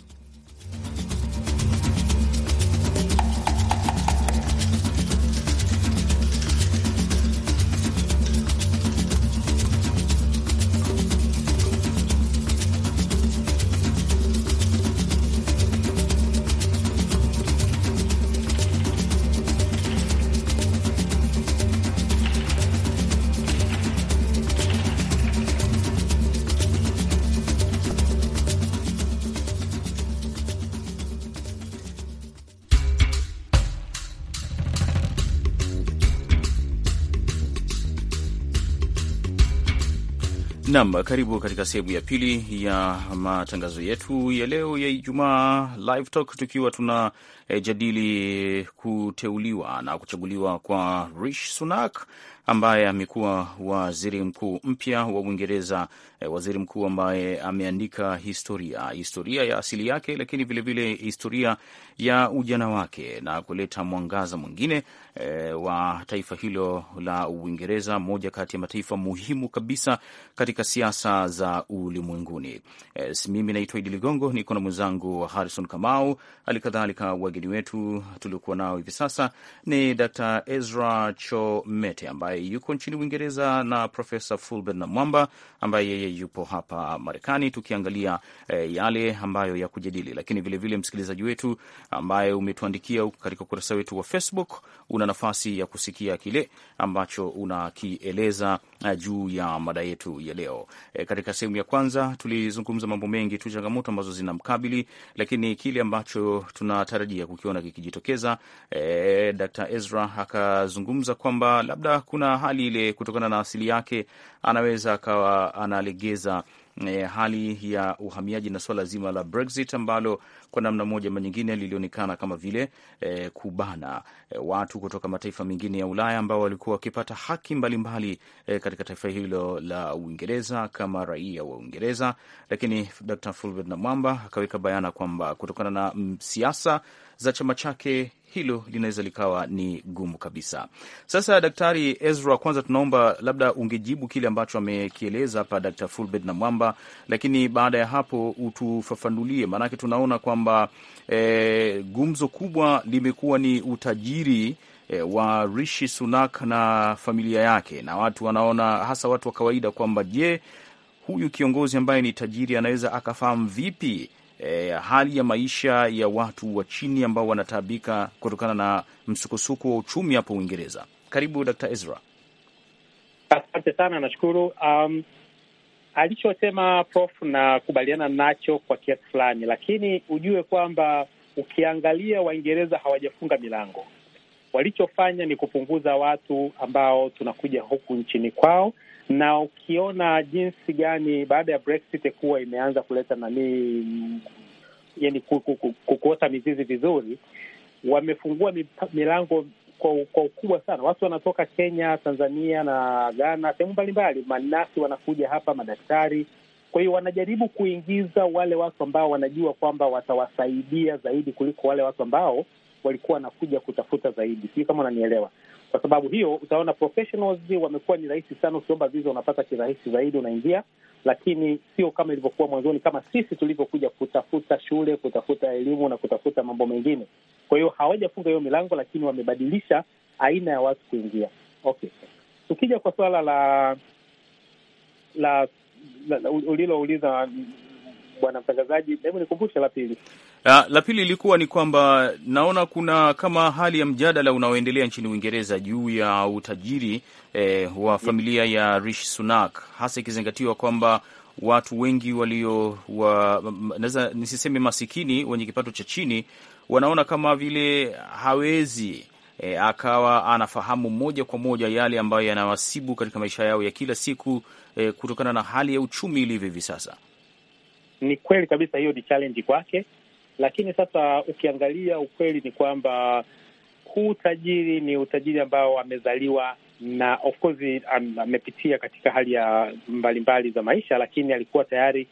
Nam, karibu katika sehemu ya pili ya matangazo yetu ya leo ya Ijumaa Live Talk, tukiwa tuna e, jadili kuteuliwa na kuchaguliwa kwa Rishi Sunak ambaye amekuwa waziri mkuu mpya wa Uingereza, e, waziri mkuu ambaye ameandika historia, historia ya asili yake, lakini vilevile historia ya ujana wake na kuleta mwangaza mwingine e, wa taifa hilo la Uingereza, moja kati ya mataifa muhimu kabisa katika siasa za ulimwenguni. E, mimi naitwa Idi Ligongo, niko na mwenzangu Harrison Kamau, hali kadhalika wageni wetu tuliokuwa nao hivi sasa ni Dr. Ezra Chomete ambaye yuko nchini Uingereza na Profesa Fulbert na Mwamba ambaye yeye yupo hapa Marekani, tukiangalia e, yale ambayo ya kujadili, lakini vilevile msikilizaji wetu ambaye umetuandikia katika ukurasa wetu wa Facebook una una nafasi ya kusikia kile ambacho unakieleza uh, juu ya mada yetu ya leo. E, katika sehemu ya kwanza tulizungumza mambo mengi tu, changamoto ambazo zinamkabili, lakini kile ambacho tunatarajia kukiona kikijitokeza. E, Dr. Ezra akazungumza kwamba labda kuna hali ile kutokana na asili yake anaweza akawa analegeza e, hali ya uhamiaji na suala zima la Brexit ambalo kwa namna moja ama nyingine lilionekana kama vile e, kubana e, watu kutoka mataifa mengine ya Ulaya ambao walikuwa wakipata haki mbalimbali mbali, e, katika taifa hilo la Uingereza kama raia wa Uingereza. Lakini Dr. Fulbert Namwamba akaweka bayana kwamba kutokana na siasa za chama chake, hilo linaweza likawa ni gumu kabisa. Sasa Daktari Ezra, kwanza tunaomba labda ungejibu kile ambacho amekieleza hapa Dkt. Fulbert na Mwamba, lakini baada ya hapo utufafanulie, maanake tunaona kwamba e, gumzo kubwa limekuwa ni utajiri e, wa Rishi Sunak na familia yake, na watu wanaona hasa watu wa kawaida kwamba je, huyu kiongozi ambaye ni tajiri anaweza akafahamu vipi eh, hali ya maisha ya watu wa chini ambao wanataabika kutokana na msukosuko wa uchumi hapo Uingereza. Karibu Dkt. Ezra. Asante sana, nashukuru. Um, alichosema Prof na kubaliana nacho kwa kiasi fulani, lakini ujue kwamba ukiangalia Waingereza hawajafunga milango. Walichofanya ni kupunguza watu ambao tunakuja huku nchini kwao na ukiona jinsi gani baada ya Brexit kuwa imeanza kuleta nanii, yani kuota mizizi vizuri, wamefungua milango kwa, kwa ukubwa sana. Watu wanatoka Kenya, Tanzania na Ghana, sehemu mbalimbali, manasi wanakuja hapa, madaktari. Kwa hiyo wanajaribu kuingiza wale watu ambao wanajua kwamba watawasaidia zaidi kuliko wale watu ambao walikuwa wanakuja kutafuta zaidi. Sijui kama unanielewa. Kwa sababu hiyo utaona professionals wamekuwa ni rahisi sana, ukiomba visa unapata kirahisi zaidi, unaingia, lakini sio kama ilivyokuwa mwanzoni, kama sisi tulivyokuja kutafuta shule, kutafuta elimu na kutafuta mambo mengine. Kwa hiyo hawajafunga hiyo milango, lakini wamebadilisha aina ya watu kuingia. Okay, tukija kwa suala la la ulilouliza mm, bwana mtangazaji, hebu nikumbushe la pili. La, ah, la pili ilikuwa ni kwamba naona kuna kama hali ya mjadala unaoendelea nchini Uingereza juu ya utajiri eh, wa familia ya Rishi Sunak hasa ikizingatiwa kwamba watu wengi walio wa, naweza nisiseme masikini, wenye kipato cha chini wanaona kama vile hawezi E, akawa anafahamu moja kwa moja yale ambayo yanawasibu katika maisha yao ya kila siku e, kutokana na hali ya uchumi ilivyo hivi sasa. Ni kweli kabisa, hiyo ni challenge kwake, lakini sasa ukiangalia ukweli ni kwamba huu utajiri ni utajiri ambao amezaliwa na of course amepitia katika hali ya mbalimbali mbali za maisha, lakini alikuwa tayari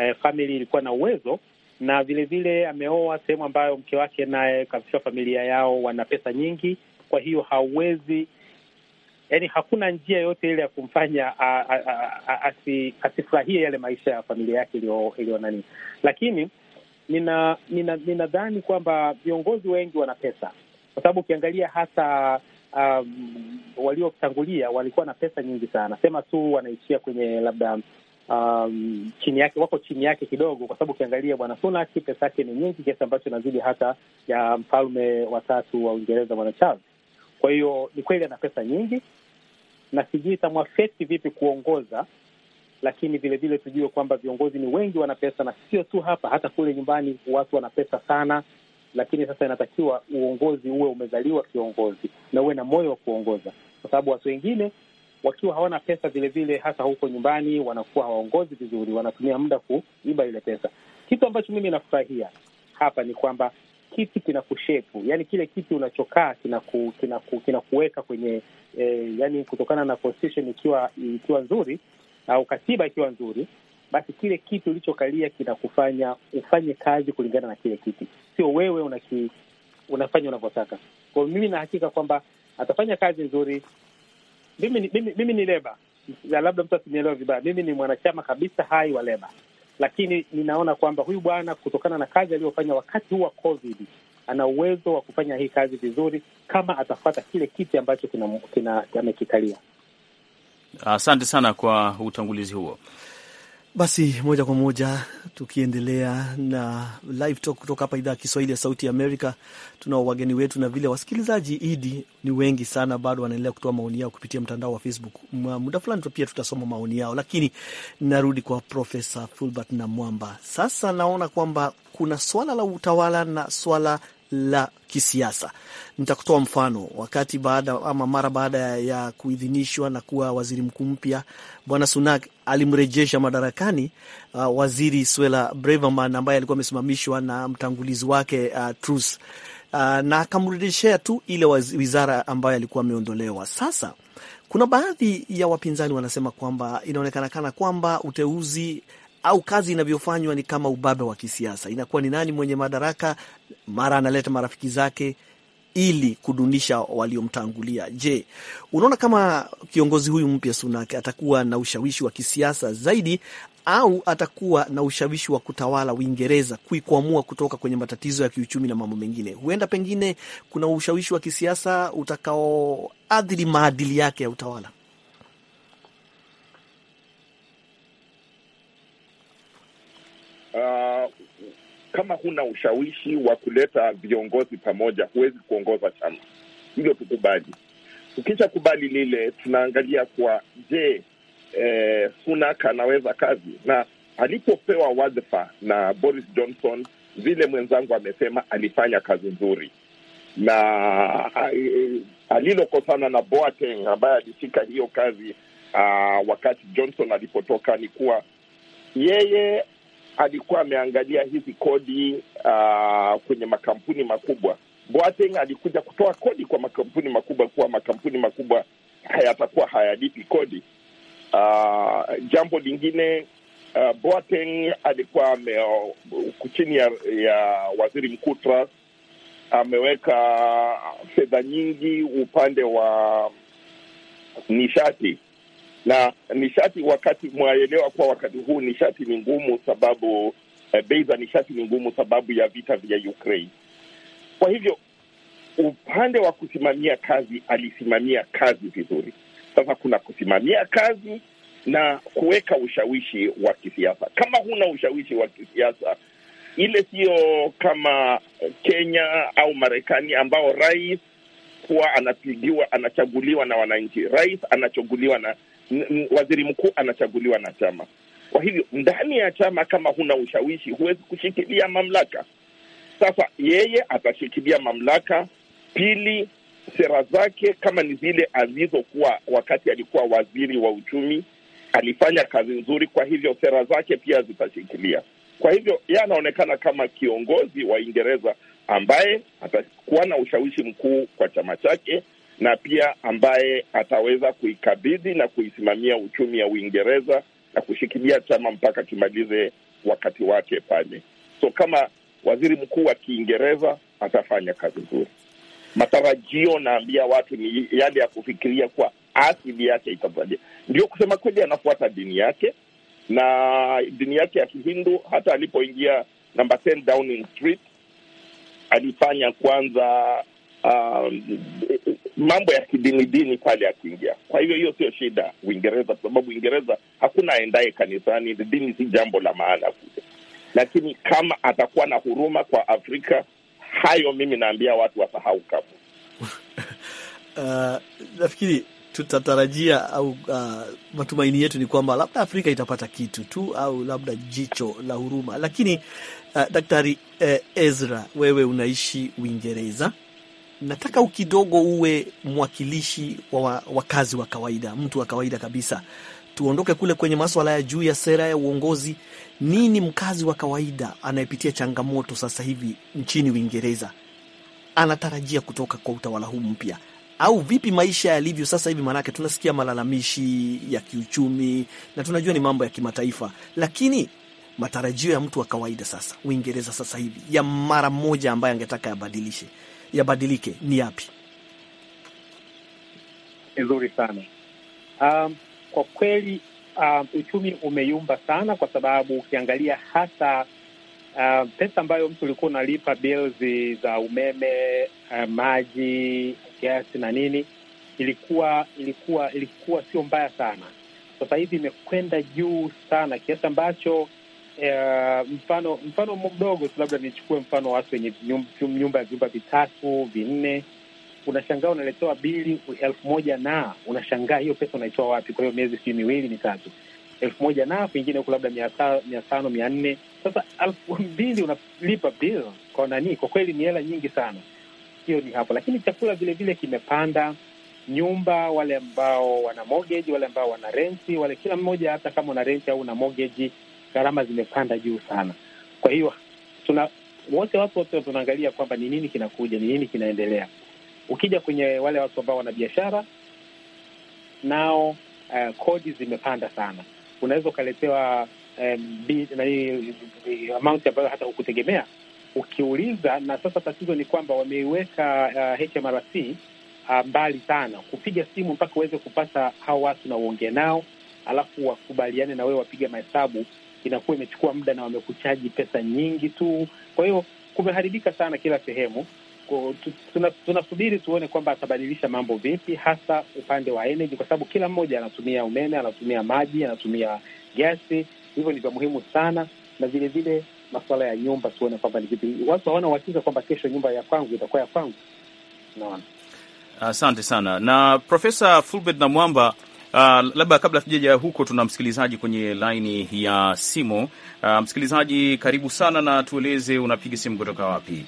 eh, famili ilikuwa na uwezo na vilevile ameoa sehemu ambayo mke wake naye katika familia yao wana pesa nyingi. Kwa hiyo hauwezi, yani hakuna njia yoyote ile ya kumfanya asifurahie yale maisha ya familia yake iliyo nani, lakini ninadhani nina, nina kwamba viongozi wengi wana pesa, kwa sababu ukiangalia hasa um, waliotangulia walikuwa na pesa nyingi sana, sema tu wanaishia kwenye labda Um, chini yake wako chini yake kidogo, kwa sababu ukiangalia bwana Sunak pesa yake ni nyingi kiasi ambacho inazidi hata ya mfalme wa tatu wa Uingereza bwana Charles. Kwa hiyo ni kweli ana pesa nyingi, na sijui tamwafeti vipi kuongoza lakini vilevile tujue kwamba viongozi ni wengi wana pesa, na sio tu hapa, hata kule nyumbani watu wana pesa sana. Lakini sasa inatakiwa uongozi uwe umezaliwa kiongozi na uwe na moyo wa kuongoza, kwa sababu watu wengine wakiwa hawana pesa vilevile, hasa huko nyumbani, wanakuwa hawaongozi vizuri, wanatumia muda kuiba ile pesa. Kitu ambacho mimi nafurahia hapa ni kwamba kiti kina kushepu, yani kile kiti unachokaa kinakuweka kina ku, kina kwenye eh, yani kutokana na constitution ikiwa ikiwa nzuri au katiba ikiwa nzuri, basi kile kiti ulichokalia kinakufanya ufanye kazi kulingana na kile kiti, sio wewe unaki, unafanya unavyotaka. Kwa hiyo mimi na hakika kwamba atafanya kazi nzuri. Mimi ni, mimi, mimi ni leba, labda mtu asinielewa vibaya, mimi ni mwanachama kabisa hai wa leba, lakini ninaona kwamba huyu bwana kutokana na kazi aliyofanya wakati huu wa COVID ana uwezo wa kufanya hii kazi vizuri kama atafata kile kiti ambacho amekikalia. Asante sana kwa utangulizi huo. Basi moja kwa moja tukiendelea na live talk kutoka hapa idhaa ya Kiswahili ya Sauti ya Amerika, tunao wageni wetu na vile wasikilizaji idi ni wengi sana, bado wanaendelea kutoa maoni yao kupitia mtandao wa Facebook. Muda fulani pia tutasoma maoni yao, lakini narudi kwa Profesa Fulbert na Mwamba. Sasa naona kwamba kuna swala la utawala na swala la kisiasa. Nitakutoa mfano wakati baada ama mara baada ya kuidhinishwa na kuwa waziri mkuu mpya, bwana Sunak alimrejesha madarakani uh, waziri Swela Breverman ambaye alikuwa amesimamishwa na mtangulizi wake uh, Truss uh, na akamrejeshea tu ile wizara ambayo alikuwa ameondolewa. Sasa kuna baadhi ya wapinzani wanasema kwamba inaonekana kana kwamba uteuzi au kazi inavyofanywa ni kama ubabe wa kisiasa. Inakuwa ni nani mwenye madaraka, mara analeta marafiki zake ili kudunisha waliomtangulia. Je, unaona kama kiongozi huyu mpya Sunak atakuwa na ushawishi wa kisiasa zaidi au atakuwa na ushawishi wa kutawala Uingereza kuikwamua kutoka kwenye matatizo ya kiuchumi na mambo mengine? Huenda pengine kuna ushawishi wa kisiasa utakaoathiri maadili yake ya utawala. uh, kama huna ushawishi wa kuleta viongozi pamoja, huwezi kuongoza chama. Hilo tukubali. Tukisha kubali lile, tunaangalia kwa je, eh, Sunak anaweza kazi? Na alipopewa wadhifa na Boris Johnson, vile mwenzangu amesema, alifanya kazi nzuri na eh, eh, alilokosana na Boateng ambaye alishika hiyo kazi uh, wakati Johnson alipotoka ni kuwa yeye alikuwa ameangalia hizi kodi uh, kwenye makampuni makubwa. Boateng alikuja kutoa kodi kwa makampuni makubwa, kuwa makampuni makubwa hayatakuwa hayalipi kodi. Uh, jambo lingine uh, Boateng alikuwa uh, chini ya, ya waziri mkuu Truss ameweka fedha nyingi upande wa nishati na nishati wakati mwaelewa kuwa wakati huu nishati ni ngumu, sababu eh, bei za nishati ni ngumu sababu ya vita vya Ukraine. Kwa hivyo upande wa kusimamia kazi alisimamia kazi vizuri. Sasa kuna kusimamia kazi na kuweka ushawishi wa kisiasa. Kama huna ushawishi wa kisiasa, ile siyo kama Kenya au Marekani ambao rais huwa anapigiwa, anachaguliwa na wananchi. Rais anachaguliwa na waziri mkuu anachaguliwa na chama. Kwa hivyo ndani ya chama, kama huna ushawishi, huwezi kushikilia mamlaka. Sasa yeye atashikilia mamlaka. Pili, sera zake kama ni zile alizokuwa wakati alikuwa waziri wa uchumi, alifanya kazi nzuri, kwa hivyo sera zake pia zitashikilia. Kwa hivyo yeye anaonekana kama kiongozi wa Uingereza ambaye atakuwa na ushawishi mkuu kwa chama chake na pia ambaye ataweza kuikabidhi na kuisimamia uchumi ya Uingereza na kushikilia chama mpaka kimalize wakati wake pale. So kama waziri mkuu wa Kiingereza atafanya kazi nzuri, matarajio naambia watu ni yale ya kufikiria kwa asili yake itazalia. Ndio kusema kweli, anafuata dini yake na dini yake ya Kihindu. Hata alipoingia namba 10 Downing Street alifanya kwanza um, mambo ya kidini dini pale akiingia. Kwa hivyo hiyo sio shida Uingereza, kwa sababu Uingereza hakuna aendaye kanisani, dini si jambo la maana kule. Lakini kama atakuwa na huruma kwa Afrika, hayo mimi naambia watu wasahau kabisa. Uh, nafikiri tutatarajia au uh, matumaini yetu ni kwamba labda Afrika itapata kitu tu au labda jicho la huruma. Lakini uh, Daktari uh, Ezra, wewe unaishi Uingereza nataka ukidogo uwe mwakilishi wa wakazi wa kawaida, mtu wa kawaida kabisa. Tuondoke kule kwenye maswala ya juu ya sera ya uongozi. Nini mkazi wa kawaida anayepitia changamoto sasa hivi nchini Uingereza anatarajia kutoka kwa utawala huu mpya au vipi maisha yalivyo sasa hivi? Maanake tunasikia malalamishi ya kiuchumi na tunajua ni mambo ya kimataifa, lakini matarajio ya mtu wa kawaida sasa Uingereza sasa hivi ya mara moja ambaye angetaka yabadilishe yabadilike ni yapi? Nzuri sana. Um, kwa kweli um, uchumi umeyumba sana, kwa sababu ukiangalia hasa uh, um, pesa ambayo mtu ulikuwa unalipa bills za umeme, uh, maji, gesi na nini ilikuwa ilikuwa ilikuwa sio mbaya sana. Sasa hivi imekwenda juu sana kiasi ambacho Eh, mfano mfano mdogo tu, labda nichukue mfano watu wenye nyumba ya vyumba vitatu vinne, unashangaa unaletewa bili elfu moja na unashangaa hiyo pesa unaitoa wapi? Kwa hiyo miezi sijui miwili mitatu, elfu moja na pengine huku labda mia tano mia nne Sasa elfu mbili unalipa bill kwa nani? Kwa kweli ni hela nyingi sana. Hiyo ni hapo, lakini chakula vilevile kimepanda nyumba wale ambao wana mortgage, wale ambao wana renti, wale kila mmoja, hata kama una renti au una mortgage, gharama zimepanda juu sana. Kwa hiyo tuna wote watu wote tunaangalia kwamba ni nini kinakuja, ni nini kinaendelea. Ukija kwenye wale watu ambao wana biashara nao, uh, kodi zimepanda sana. Unaweza ukaletewa um, eh, amaunti ambayo hata hukutegemea ukiuliza. Na sasa tatizo ni kwamba wameiweka uh, eh, HMRC uh, mbali sana, kupiga simu mpaka uweze kupata hao watu na uongee nao, alafu wakubaliane na wewe, wapige mahesabu inakuwa imechukua muda na wamekuchaji pesa nyingi tu. Kwa hiyo kumeharibika sana kila sehemu. Tunasubiri tuna tuone kwamba atabadilisha mambo vipi, hasa upande wa energy, kwa sababu kila mmoja anatumia umeme, anatumia maji, anatumia gesi. Hivyo ni vya muhimu sana, na vilevile masuala ya nyumba, tuone kwamba ni vipi. Watu hawana uhakika kwamba kesho nyumba ya kwangu itakuwa ya kwangu. Naona. Asante sana na Profesa Fulbert na Mwamba Uh, labda kabla tujaja huko, tuna msikilizaji kwenye laini ya simu. Uh, msikilizaji karibu sana, na tueleze unapiga simu kutoka wapi?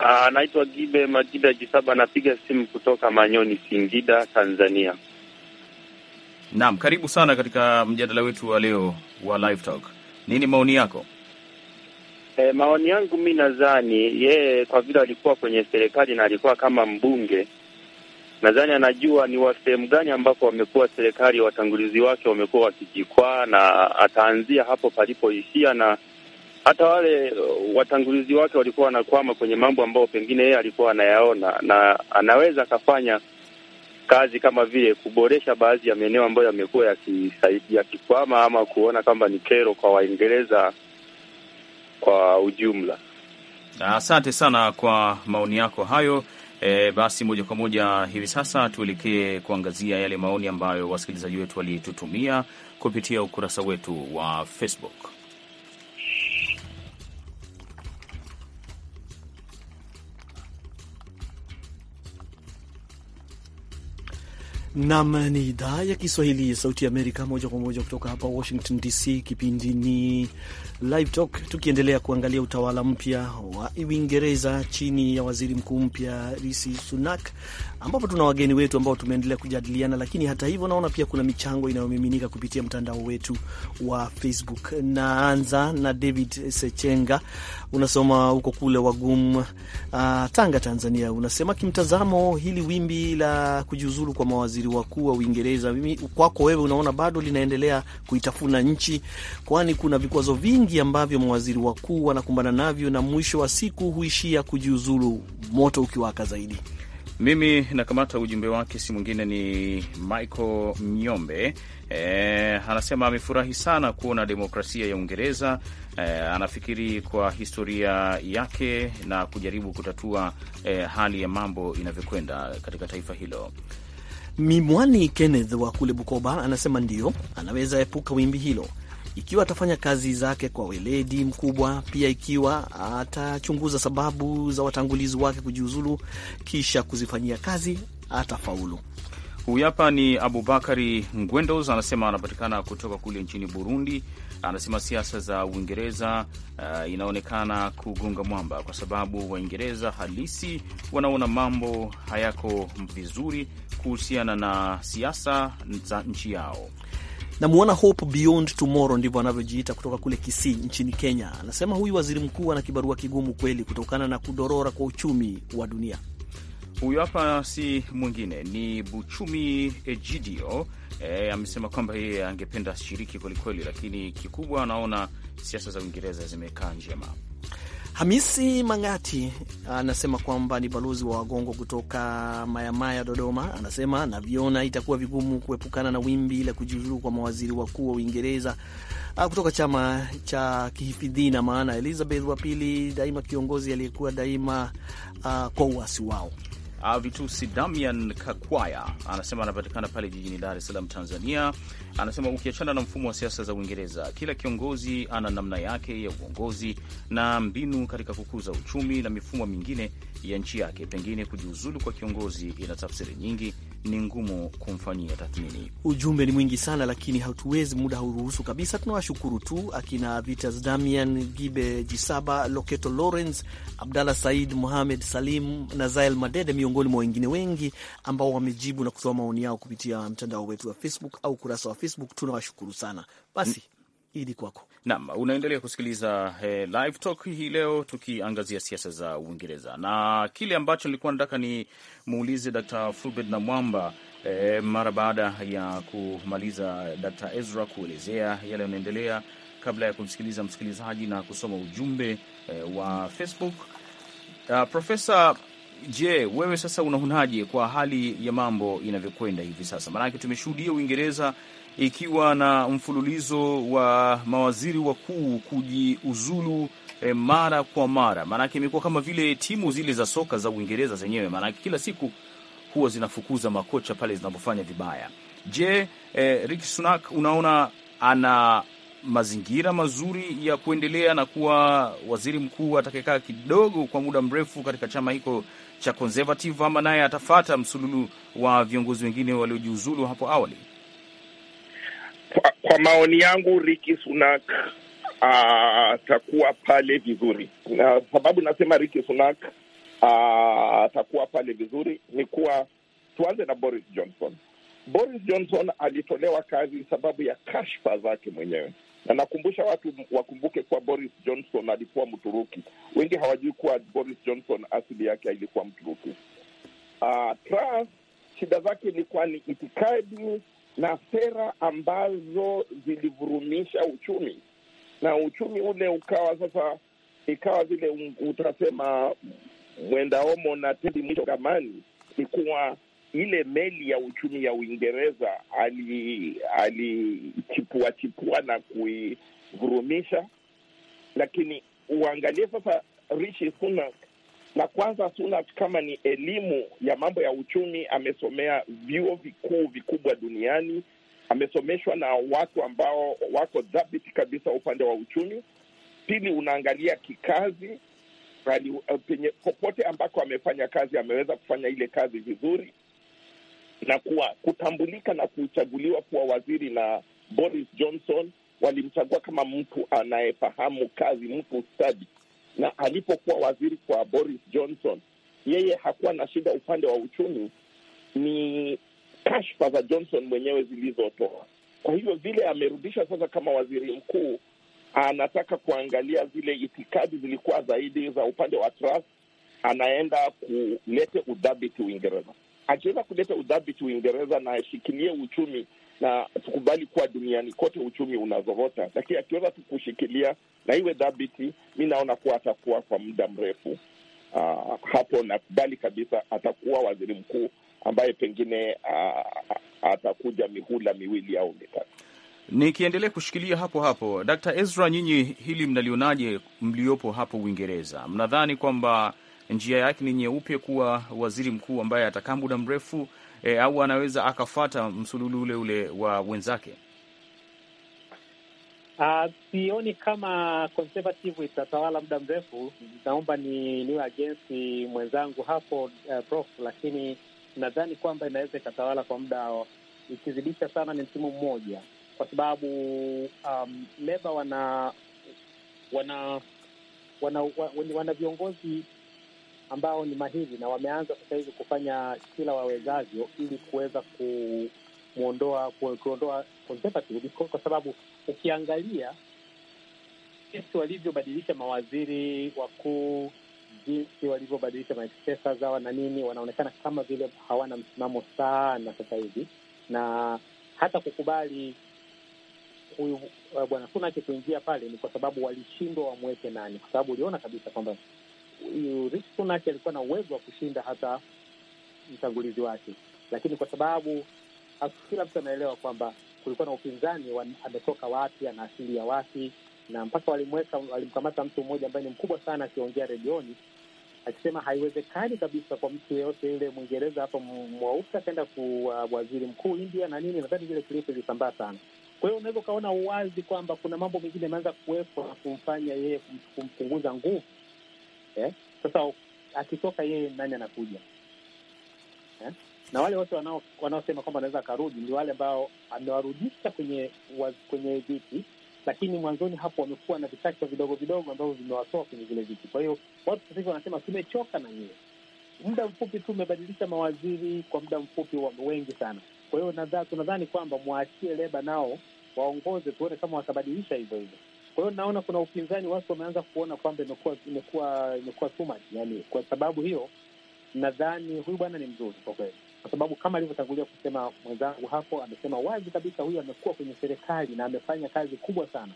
Uh, naitwa Gibe Majida Jisaba, napiga simu kutoka Manyoni, Singida, Tanzania. Naam, karibu sana katika mjadala wetu wa leo wa Live Talk. Nini maoni yako? E, maoni yangu mi nadhani yeye kwa vile alikuwa kwenye serikali na alikuwa kama mbunge nadhani anajua ni wa sehemu gani ambapo wamekuwa serikali ya watangulizi wake wamekuwa wakijikwaa, na ataanzia hapo palipoishia. Na hata wale watangulizi wake walikuwa wanakwama kwenye mambo ambayo pengine yeye alikuwa anayaona, na anaweza akafanya kazi kama vile kuboresha baadhi ya maeneo ambayo yamekuwa yakisaidia kikwama ama kuona kwamba ni kero kwa Waingereza kwa ujumla. Asante sana kwa maoni yako hayo. E, basi moja kwa moja hivi sasa tuelekee kuangazia yale maoni ambayo wasikilizaji wetu walitutumia kupitia ukurasa wetu wa Facebook. Nam ni idhaa ya Kiswahili ya Sauti ya Amerika, moja kwa moja kutoka hapa Washington DC. Kipindi ni Live Talk, tukiendelea kuangalia utawala mpya wa Uingereza chini ya waziri mkuu mpya Rishi Sunak ambapo tuna wageni wetu ambao tumeendelea kujadiliana, lakini hata hivyo naona pia kuna michango inayomiminika kupitia mtandao wetu wa Facebook. Naanza na David Sechenga, unasoma huko kule Wagum, uh, Tanga, Tanzania. Unasema kimtazamo, hili wimbi la kujiuzulu kwa mawaziri wakuu wa Uingereza, mimi kwako wewe unaona bado linaendelea kuitafuna nchi, kwani kuna vikwazo vingi ambavyo mawaziri wakuu wanakumbana navyo na mwisho wa siku huishia kujiuzulu, moto ukiwaka zaidi. Mimi nakamata ujumbe wake, si mwingine ni Michael Mnyombe. E, anasema amefurahi sana kuona demokrasia ya Uingereza. E, anafikiri kwa historia yake na kujaribu kutatua e, hali ya mambo inavyokwenda katika taifa hilo. Mimwani Kenneth wa kule Bukoba anasema ndiyo, anaweza epuka wimbi hilo ikiwa atafanya kazi zake kwa weledi mkubwa, pia ikiwa atachunguza sababu za watangulizi wake kujiuzulu kisha kuzifanyia kazi, atafaulu. Huyu hapa ni Abubakari Ngwendos, anasema anapatikana kutoka kule nchini Burundi. Anasema siasa za Uingereza uh, inaonekana kugonga mwamba, kwa sababu Waingereza halisi wanaona mambo hayako vizuri kuhusiana na siasa za nchi yao. Namwona Hope Beyond Tomorrow, ndivyo anavyojiita kutoka kule Kisii nchini Kenya. Anasema huyu waziri mkuu ana kibarua kigumu kweli, kutokana na kudorora kwa uchumi wa dunia. Huyu hapa si mwingine ni Buchumi Ejidio. E, amesema kwamba yeye angependa shiriki kwelikweli, lakini kikubwa anaona siasa za Uingereza zimekaa njema. Hamisi Mangati anasema kwamba ni balozi wa wagongo kutoka Mayamaya, Dodoma. Anasema navyona itakuwa vigumu kuepukana na wimbi la kujiuzulu kwa mawaziri wakuu wa Uingereza ah, kutoka chama cha kihifidhina maana Elizabeth wa pili daima kiongozi aliyekuwa daima uh, kwa uasi wao uh, vitusi Damian Kakwaya anasema anapatikana pale jijini Dar es Salaam, Tanzania. Anasema ukiachana na mfumo wa siasa za Uingereza, kila kiongozi ana namna yake ya uongozi na mbinu katika kukuza uchumi na mifumo mingine ya nchi yake. Pengine kujiuzulu kwa kiongozi ina tafsiri nyingi, ni ngumu kumfanyia tathmini. Ujumbe ni mwingi sana, lakini hatuwezi, muda hauruhusu kabisa. Tunawashukuru tu akina Vitas Damian, Gibe Jisaba, Loketo Lawrence, Abdallah Said, muhamed Salim na Zael Madede, miongoni mwa wengine wengi ambao wamejibu na kutoa maoni yao kupitia mtandao wetu wa Facebook au kurasa wa Facebook. Tunawashukuru sana. Basi, mm. Idi kwako. Naam, unaendelea kusikiliza eh, Live Talk hii leo tukiangazia siasa za Uingereza na kile ambacho nilikuwa nataka ni muulize Dr. Fulbert na Mwamba eh, mara baada ya kumaliza Dr. Ezra kuelezea yale yanaendelea, kabla ya kumsikiliza msikilizaji na kusoma ujumbe eh, wa Facebook uh, ah, Profesa Je, wewe sasa unaonaje kwa hali ya mambo inavyokwenda hivi sasa? Maanake tumeshuhudia Uingereza ikiwa na mfululizo wa mawaziri wakuu kujiuzulu e, mara kwa mara. Maanake imekuwa kama vile timu zile za soka za Uingereza zenyewe, maanake kila siku huwa zinafukuza makocha pale zinapofanya vibaya. Je, e, eh, Rishi Sunak unaona ana mazingira mazuri ya kuendelea na kuwa waziri mkuu atakayekaa kidogo kwa muda mrefu katika chama hiko cha Conservative, ama naye atafata msululu wa viongozi wengine waliojiuzulu hapo awali? Kwa, kwa maoni yangu Rishi Sunak ah, atakuwa pale vizuri, na sababu nasema Rishi Sunak ah, atakuwa pale vizuri ni kuwa, tuanze na Boris Johnson. Boris Johnson alitolewa kazi sababu ya kashfa zake mwenyewe na nakumbusha watu wakumbuke kuwa Boris Johnson alikuwa Mturuki. Wengi hawajui kuwa Boris Johnson asili yake ailikuwa Mturuki. Uh, ah, Truss shida zake ilikuwa ni itikadi na sera ambazo zilivurumisha uchumi na uchumi ule ukawa sasa, ikawa vile utasema mwendaomo na tendi mwisho kamani ikuwa ile meli ya uchumi ya Uingereza alichipuachipua ali na kuivurumisha. Lakini uangalie sasa Rishi Sunak, na kwanza Sunak kama ni elimu ya mambo ya uchumi, amesomea vyuo vikuu vikubwa duniani, amesomeshwa na watu ambao wako dhabiti kabisa upande wa uchumi. Pili, unaangalia kikazi, eh, penye popote ambako amefanya kazi ameweza kufanya ile kazi vizuri na kuwa, kutambulika na kuchaguliwa kuwa waziri na Boris Johnson, walimchagua kama mtu anayefahamu kazi, mtu stadi. Na alipokuwa waziri kwa Boris Johnson, yeye hakuwa na shida upande wa uchumi, ni kashfa za Johnson mwenyewe zilizotoa. Kwa hivyo vile amerudisha sasa kama waziri mkuu, anataka kuangalia zile itikadi zilikuwa zaidi za upande wa trust, anaenda kulete udhabiti Uingereza akiweza kuleta udhabiti Uingereza na ashikilie uchumi, na tukubali kuwa duniani kote uchumi unazorota, lakini akiweza tu kushikilia na iwe dhabiti, mi naona kuwa atakuwa kwa muda mrefu. Uh, hapo nakubali kabisa atakuwa waziri mkuu ambaye pengine uh, atakuja mihula miwili au mitatu. Nikiendelea kushikilia hapo hapo, Dkt. Ezra, nyinyi hili mnalionaje, mliopo hapo Uingereza? Mnadhani kwamba njia yake ni nyeupe kuwa waziri mkuu ambaye atakaa muda mrefu e, au anaweza akafata msululu ule ule wa wenzake? Ah, sioni uh, kama conservative itatawala muda mrefu. Naomba ni niwe agensi mwenzangu hapo uh, Prof, lakini nadhani kwamba inaweza ikatawala kwa muda, ikizidisha sana ni msimu mmoja, kwa sababu um, leba wana wana wana, wana, wana viongozi ambao ni mahiri na wameanza sasa hivi kufanya kila wawezavyo ili kuweza kumwondoa kuondoa conservative, kwa sababu ukiangalia jinsi walivyobadilisha mawaziri wakuu, jinsi walivyobadilisha maespesa zao na nini, wanaonekana kama vile hawana msimamo sana sasa hivi, na hata kukubali huyu eh, bwana Sunaki kuingia pale ni kwa sababu walishindwa wamweke nani, kwa sababu uliona kabisa kwamba Rishi Sunak alikuwa na uwezo wa kushinda hata mtangulizi wake, lakini kwa sababu kila mtu anaelewa kwamba kulikuwa na upinzani ametoka wapi, ana asili ya wapi, na mpaka walimweka walimkamata mtu mmoja ambaye ni mkubwa sana akiongea redioni akisema haiwezekani kabisa kwa mtu yeyote yule Mwingereza hapo mweupe akaenda kuwa uh, waziri mkuu India na nini. Nadhani zile kilipo ilisambaa sana. Kwa hiyo unaweza ukaona uwazi kwamba kuna mambo mengine yameanza kuwekwa kumfanya yeye kumpunguza nguvu eh? Sasa akitoka yeye nani anakuja eh? na wale wote wanaosema kwamba anaweza akarudi ni wale ambao amewarudisha kwenye kwenye viti, lakini mwanzoni hapo wamekuwa na vichache vidogo vidogo ambavyo vimewatoa kwenye vile viti. Kwa hiyo watu sasa hivi wanasema tumechoka na nyie, muda mfupi tu umebadilisha mawaziri kwa muda mfupi wa wengi sana. Kwa hiyo tunadhani kwamba mwachie Leba nao waongoze, tuone kama watabadilisha hivyo hivyo. Kwa hiyo naona kuna upinzani, watu wameanza kuona kwamba imekuwa imekuwa imekuwa too much. Yani kwa sababu hiyo nadhani huyu bwana ni mzuri kwa kweli, kwa sababu kama alivyotangulia kusema mwenzangu hapo, amesema wazi kabisa, huyu amekuwa kwenye serikali na amefanya kazi kubwa sana.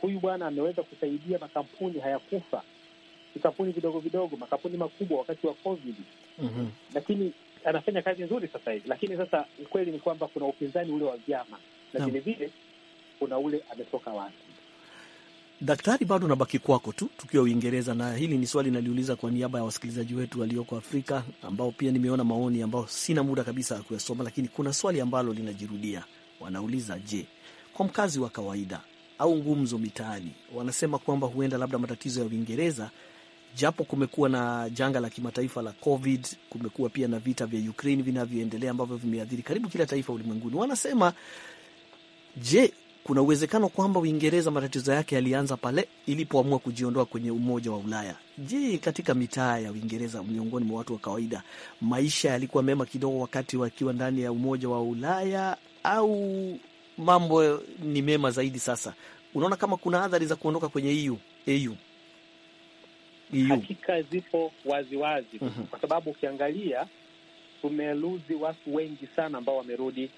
Huyu bwana ameweza kusaidia makampuni hayakufa, vikampuni vidogo vidogo, makampuni makubwa wakati wa COVID. mm -hmm. Lakini anafanya kazi nzuri sasa hivi, lakini sasa ukweli ni kwamba kuna upinzani ule wa vyama na vilevile no. kuna ule ametoka wazi Daktari, bado nabaki kwako tu tukiwa Uingereza, na hili ni swali naliuliza kwa niaba ya wasikilizaji wetu walioko Afrika ambao pia nimeona maoni ambao sina muda kabisa ya kuyasoma, lakini kuna swali ambalo linajirudia. Wanauliza, je, kwa mkazi wa kawaida au ngumzo mitaani, wanasema kwamba huenda labda matatizo ya Uingereza, japo kumekuwa na janga la kimataifa la COVID, kumekuwa pia na vita vya Ukraine vinavyoendelea ambavyo vimeathiri karibu kila taifa ulimwenguni, wanasema je kuna uwezekano kwamba Uingereza matatizo yake yalianza pale ilipoamua kujiondoa kwenye Umoja wa Ulaya. Je, katika mitaa ya Uingereza miongoni mwa watu wa kawaida, maisha yalikuwa mema kidogo wakati wakiwa ndani ya Umoja wa Ulaya au mambo ni mema zaidi sasa? Unaona kama kuna athari za kuondoka kwenye EU, EU. EU. Hakika zipo waziwazi, mhm. kwa sababu ukiangalia tumeluzi watu wengi sana ambao wamerudi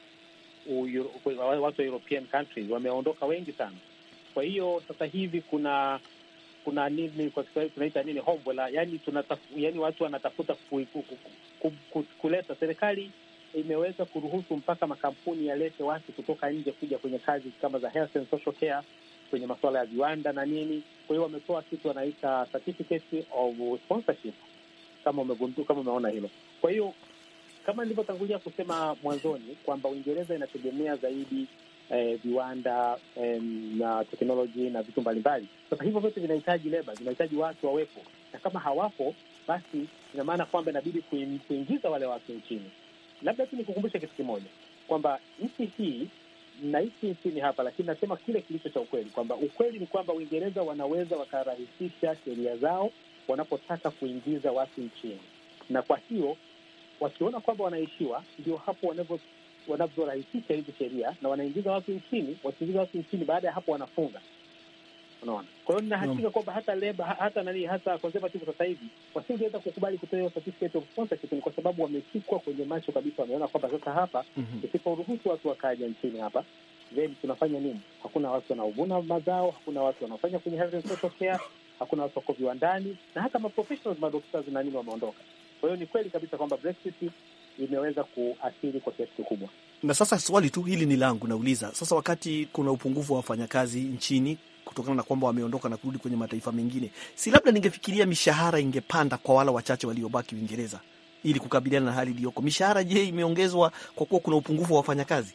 watu wa European countries wameondoka wengi sana. Kwa hiyo sasa hivi kuna kuna nini kwa Kiswahili tunaita nini, hovola, yani yani watu wanatafuta ku, ku, ku, ku, ku, kuleta. Serikali imeweza kuruhusu mpaka makampuni yalete watu kutoka nje kuja kwenye kazi kama za health and social care kwenye masuala ya viwanda na nini. Kwa hiyo wametoa kitu wanaita certificate of sponsorship, kama umegundua, kama umeona hilo. Kwa hiyo kama nilivyotangulia kusema mwanzoni kwamba Uingereza inategemea zaidi eh, viwanda eh, na teknoloji na vitu mbalimbali. Sasa hivyo vyote vinahitaji leba, vinahitaji watu wawepo, na kama hawapo, basi ina maana kwamba inabidi kuingiza wale watu nchini. Labda tu nikukumbushe kitu kimoja kwamba nchi hii naishi nchini hapa, lakini nasema kile kilicho cha ukweli kwamba ukweli ni kwamba Uingereza wanaweza wakarahisisha sheria zao wanapotaka kuingiza watu nchini, na kwa hiyo wakiona kwamba wanaishiwa, ndio hapo wanavyorahisisha hizi sheria na wanaingiza watu nchini. Wakiingiza watu nchini, baada ya hapo wanafunga. Unaona, kwa hiyo ninahakika kwamba hata leba hata nani hata conservative sasa hivi wasingeweza kukubali kutoa hiyo certificate of sponsorship, ni kwa sababu wameshikwa kwenye macho kabisa. Wameona kwamba sasa hapa tusiporuhusu mhm. watu wakaja nchini hapa, then tunafanya nini? Hakuna watu wanaovuna mazao, hakuna watu wanaofanya kwenye health and social care, hakuna watu wako viwandani, na hata maprofessionals madoktazi na nini wameondoka. Kwa hiyo ni kweli kabisa kwamba Brexit imeweza kuathiri kwa kiasi kikubwa. Na sasa swali tu hili ni langu, nauliza sasa, wakati kuna upungufu wa wafanyakazi nchini kutokana na kwamba wameondoka na kurudi kwenye mataifa mengine, si labda ningefikiria mishahara ingepanda kwa wale wachache waliobaki Uingereza ili kukabiliana na hali iliyoko. Mishahara je, imeongezwa kwa kuwa kuna upungufu wa wafanyakazi?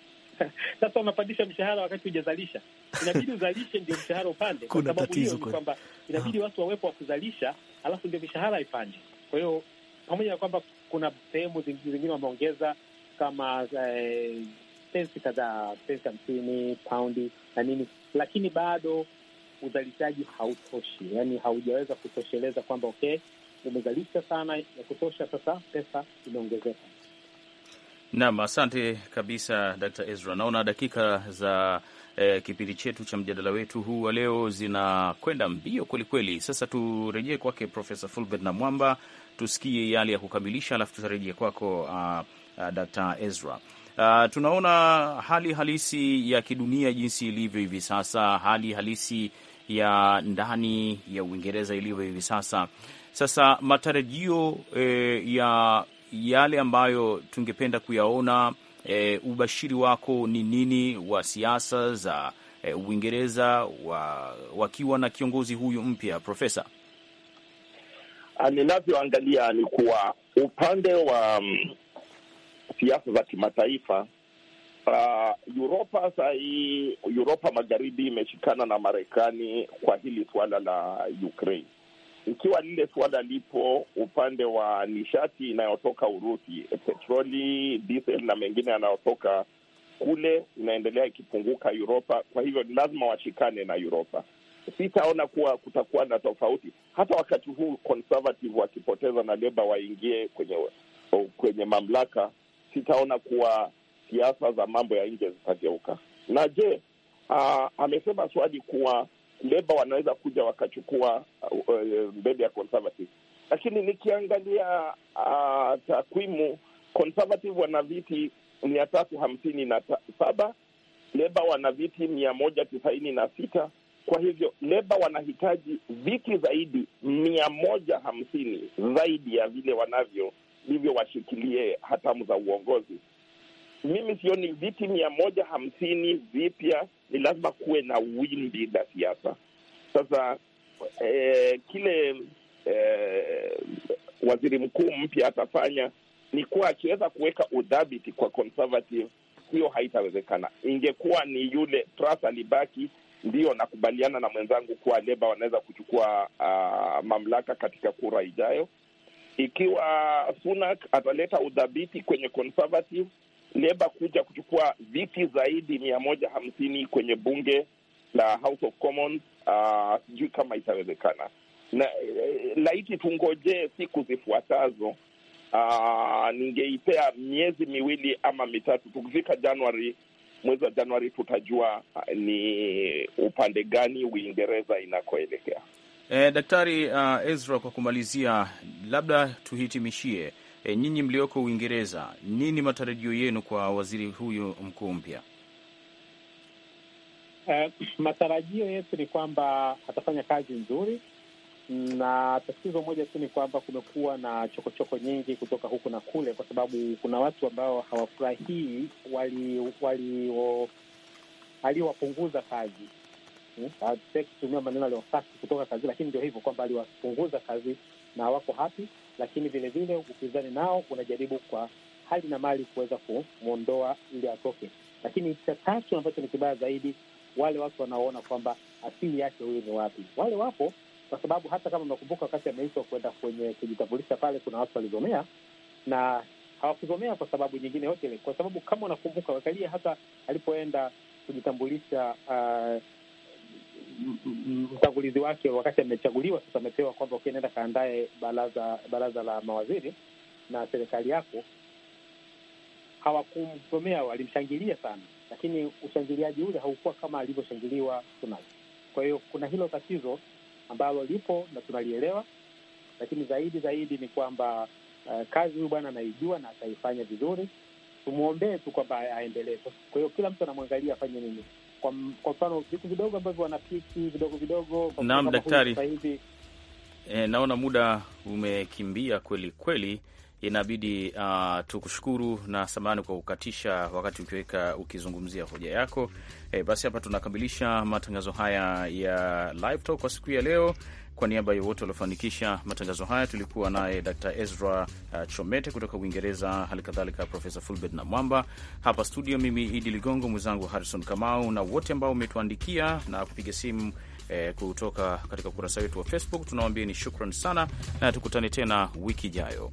Sasa unapandisha mshahara wakati hujazalisha, inabidi uzalishe ndio mshahara upande. Kuna tatizo kwamba inabidi watu wawepo wa kuzalisha, alafu ndio mishahara ipande. Kwa hiyo pamoja na kwamba kuna sehemu zingine wameongeza kama eh, pensi kadhaa, pensi hamsini, paundi na nini, lakini bado uzalishaji hautoshi, yani haujaweza kutosheleza kwamba okay, umezalisha sana ya kutosha, sasa pesa imeongezeka. Naam, asante kabisa Dr. Ezra. Naona dakika za E, kipindi chetu cha mjadala wetu huu wa leo zinakwenda mbio kwelikweli. Sasa turejee kwake Profesa Fulbert na Mwamba tusikie yale ya kukamilisha, alafu tutarejea kwako uh, uh, Dr. Ezra. Uh, tunaona hali halisi ya kidunia jinsi ilivyo hivi sasa, hali halisi ya ndani ya Uingereza ilivyo hivi sasa. Sasa matarajio eh, ya yale ambayo tungependa kuyaona, eh, ubashiri wako ni nini wa siasa za eh, Uingereza wa, wakiwa na kiongozi huyu mpya profesa? Ah, ninavyoangalia ni kuwa upande wa um, siasa za kimataifa uh, ah, Uropa sahii, Uropa magharibi imeshikana na Marekani kwa hili suala la Ukraine. Ikiwa lile suala lipo upande wa nishati inayotoka Urusi, petroli, diesel na mengine yanayotoka kule, inaendelea ikipunguka Uropa. Kwa hivyo ni lazima washikane na Uropa sitaona kuwa kutakuwa na tofauti. Hata wakati huu conservative wakipoteza na leba waingie kwenye kwenye mamlaka, sitaona kuwa siasa za mambo ya nje zitageuka. Na je, amesema swali kuwa leba wanaweza kuja wakachukua uh, uh, mbele ya conservative, lakini nikiangalia uh, takwimu conservative wana viti mia tatu hamsini na saba leba wana viti mia moja tisaini na sita kwa hivyo Leba wanahitaji viti zaidi mia moja hamsini zaidi ya vile wanavyo, ndivyo washikilie hatamu za uongozi. Mimi sioni viti mia moja hamsini vipya, ni lazima kuwe na wimbi la siasa. Sasa eh, kile eh, waziri mkuu mpya atafanya ni kuwa akiweza kuweka udhabiti kwa conservative, hiyo haitawezekana. Ingekuwa ni yule Truss alibaki Ndiyo, nakubaliana na mwenzangu kuwa Leba wanaweza kuchukua uh, mamlaka katika kura ijayo. Ikiwa Sunak ataleta udhabiti kwenye Conservative, Leba kuja kuchukua viti zaidi mia moja hamsini kwenye bunge la House of Commons, ah, sijui uh, kama itawezekana na eh, laiti tungojee siku zifuatazo. Uh, ningeipea miezi miwili ama mitatu. Tukifika Januari mwezi wa Januari tutajua uh, ni upande gani Uingereza inakoelekea. E, Daktari uh, Ezra, kwa kumalizia, labda tuhitimishie, e, nyinyi mlioko Uingereza, nini matarajio yenu kwa waziri huyu mkuu mpya? Uh, matarajio yetu ni kwamba atafanya kazi nzuri na tatizo moja tu ni kwamba kumekuwa na chokochoko -choko nyingi kutoka huku na kule, kwa sababu kuna watu ambao hawafurahii wali, wali, aliwapunguza kazi hmm? kutumia maneno aliwafasi kutoka kazi, lakini ndio hivyo kwamba aliwapunguza kazi na wako hapi, lakini vilevile upinzani nao unajaribu kwa hali na mali kuweza kumwondoa ili atoke. Lakini cha tatu ambacho ni kibaya zaidi, wale watu wanaoona kwamba asili yake huyu ni wapi, wale wapo kwa sababu hata kama unakumbuka, wakati ameitwa kwenda kwenye kujitambulisha pale, kuna watu walizomea na hawakuzomea kwa sababu nyingine yote ile, kwa sababu kama unakumbuka, wakalia hata alipoenda kujitambulisha uh, mtangulizi wake wakati amechaguliwa sasa, amepewa kwamba ukienda kaandae baraza baraza la mawaziri na serikali yako, hawakumsomea, walimshangilia sana, lakini ushangiliaji ule haukuwa kama alivyoshangiliwa Sunali. Kwa hiyo kuna hilo tatizo ambalo lipo na tunalielewa, lakini zaidi zaidi ni kwamba uh, kazi huyu bwana anaijua na ataifanya vizuri. Tumwombee tu kwamba aendelee. Kwa hiyo kila mtu anamwangalia afanye nini, kwa mfano vitu vidogo ambavyo wanapiki vidogo vidogo. Naam daktari, eh, naona muda umekimbia kweli kweli inabidi uh, tukushukuru na samani kwa kukatisha wakati ukiweka ukizungumzia hoja yako. E, basi hapa tunakamilisha matangazo haya ya Live Talk kwa siku ya leo. Kwa niaba ya wote waliofanikisha matangazo haya, tulikuwa naye Dr Ezra uh, Chomete kutoka Uingereza, hali kadhalika Profesa Fulbert na Mwamba hapa studio. Mimi Idi Ligongo, mwenzangu Harrison Kamau na wote ambao umetuandikia na kupiga simu e, kutoka katika ukurasa wetu wa Facebook, tunawambia ni shukran sana na tukutane tena wiki ijayo.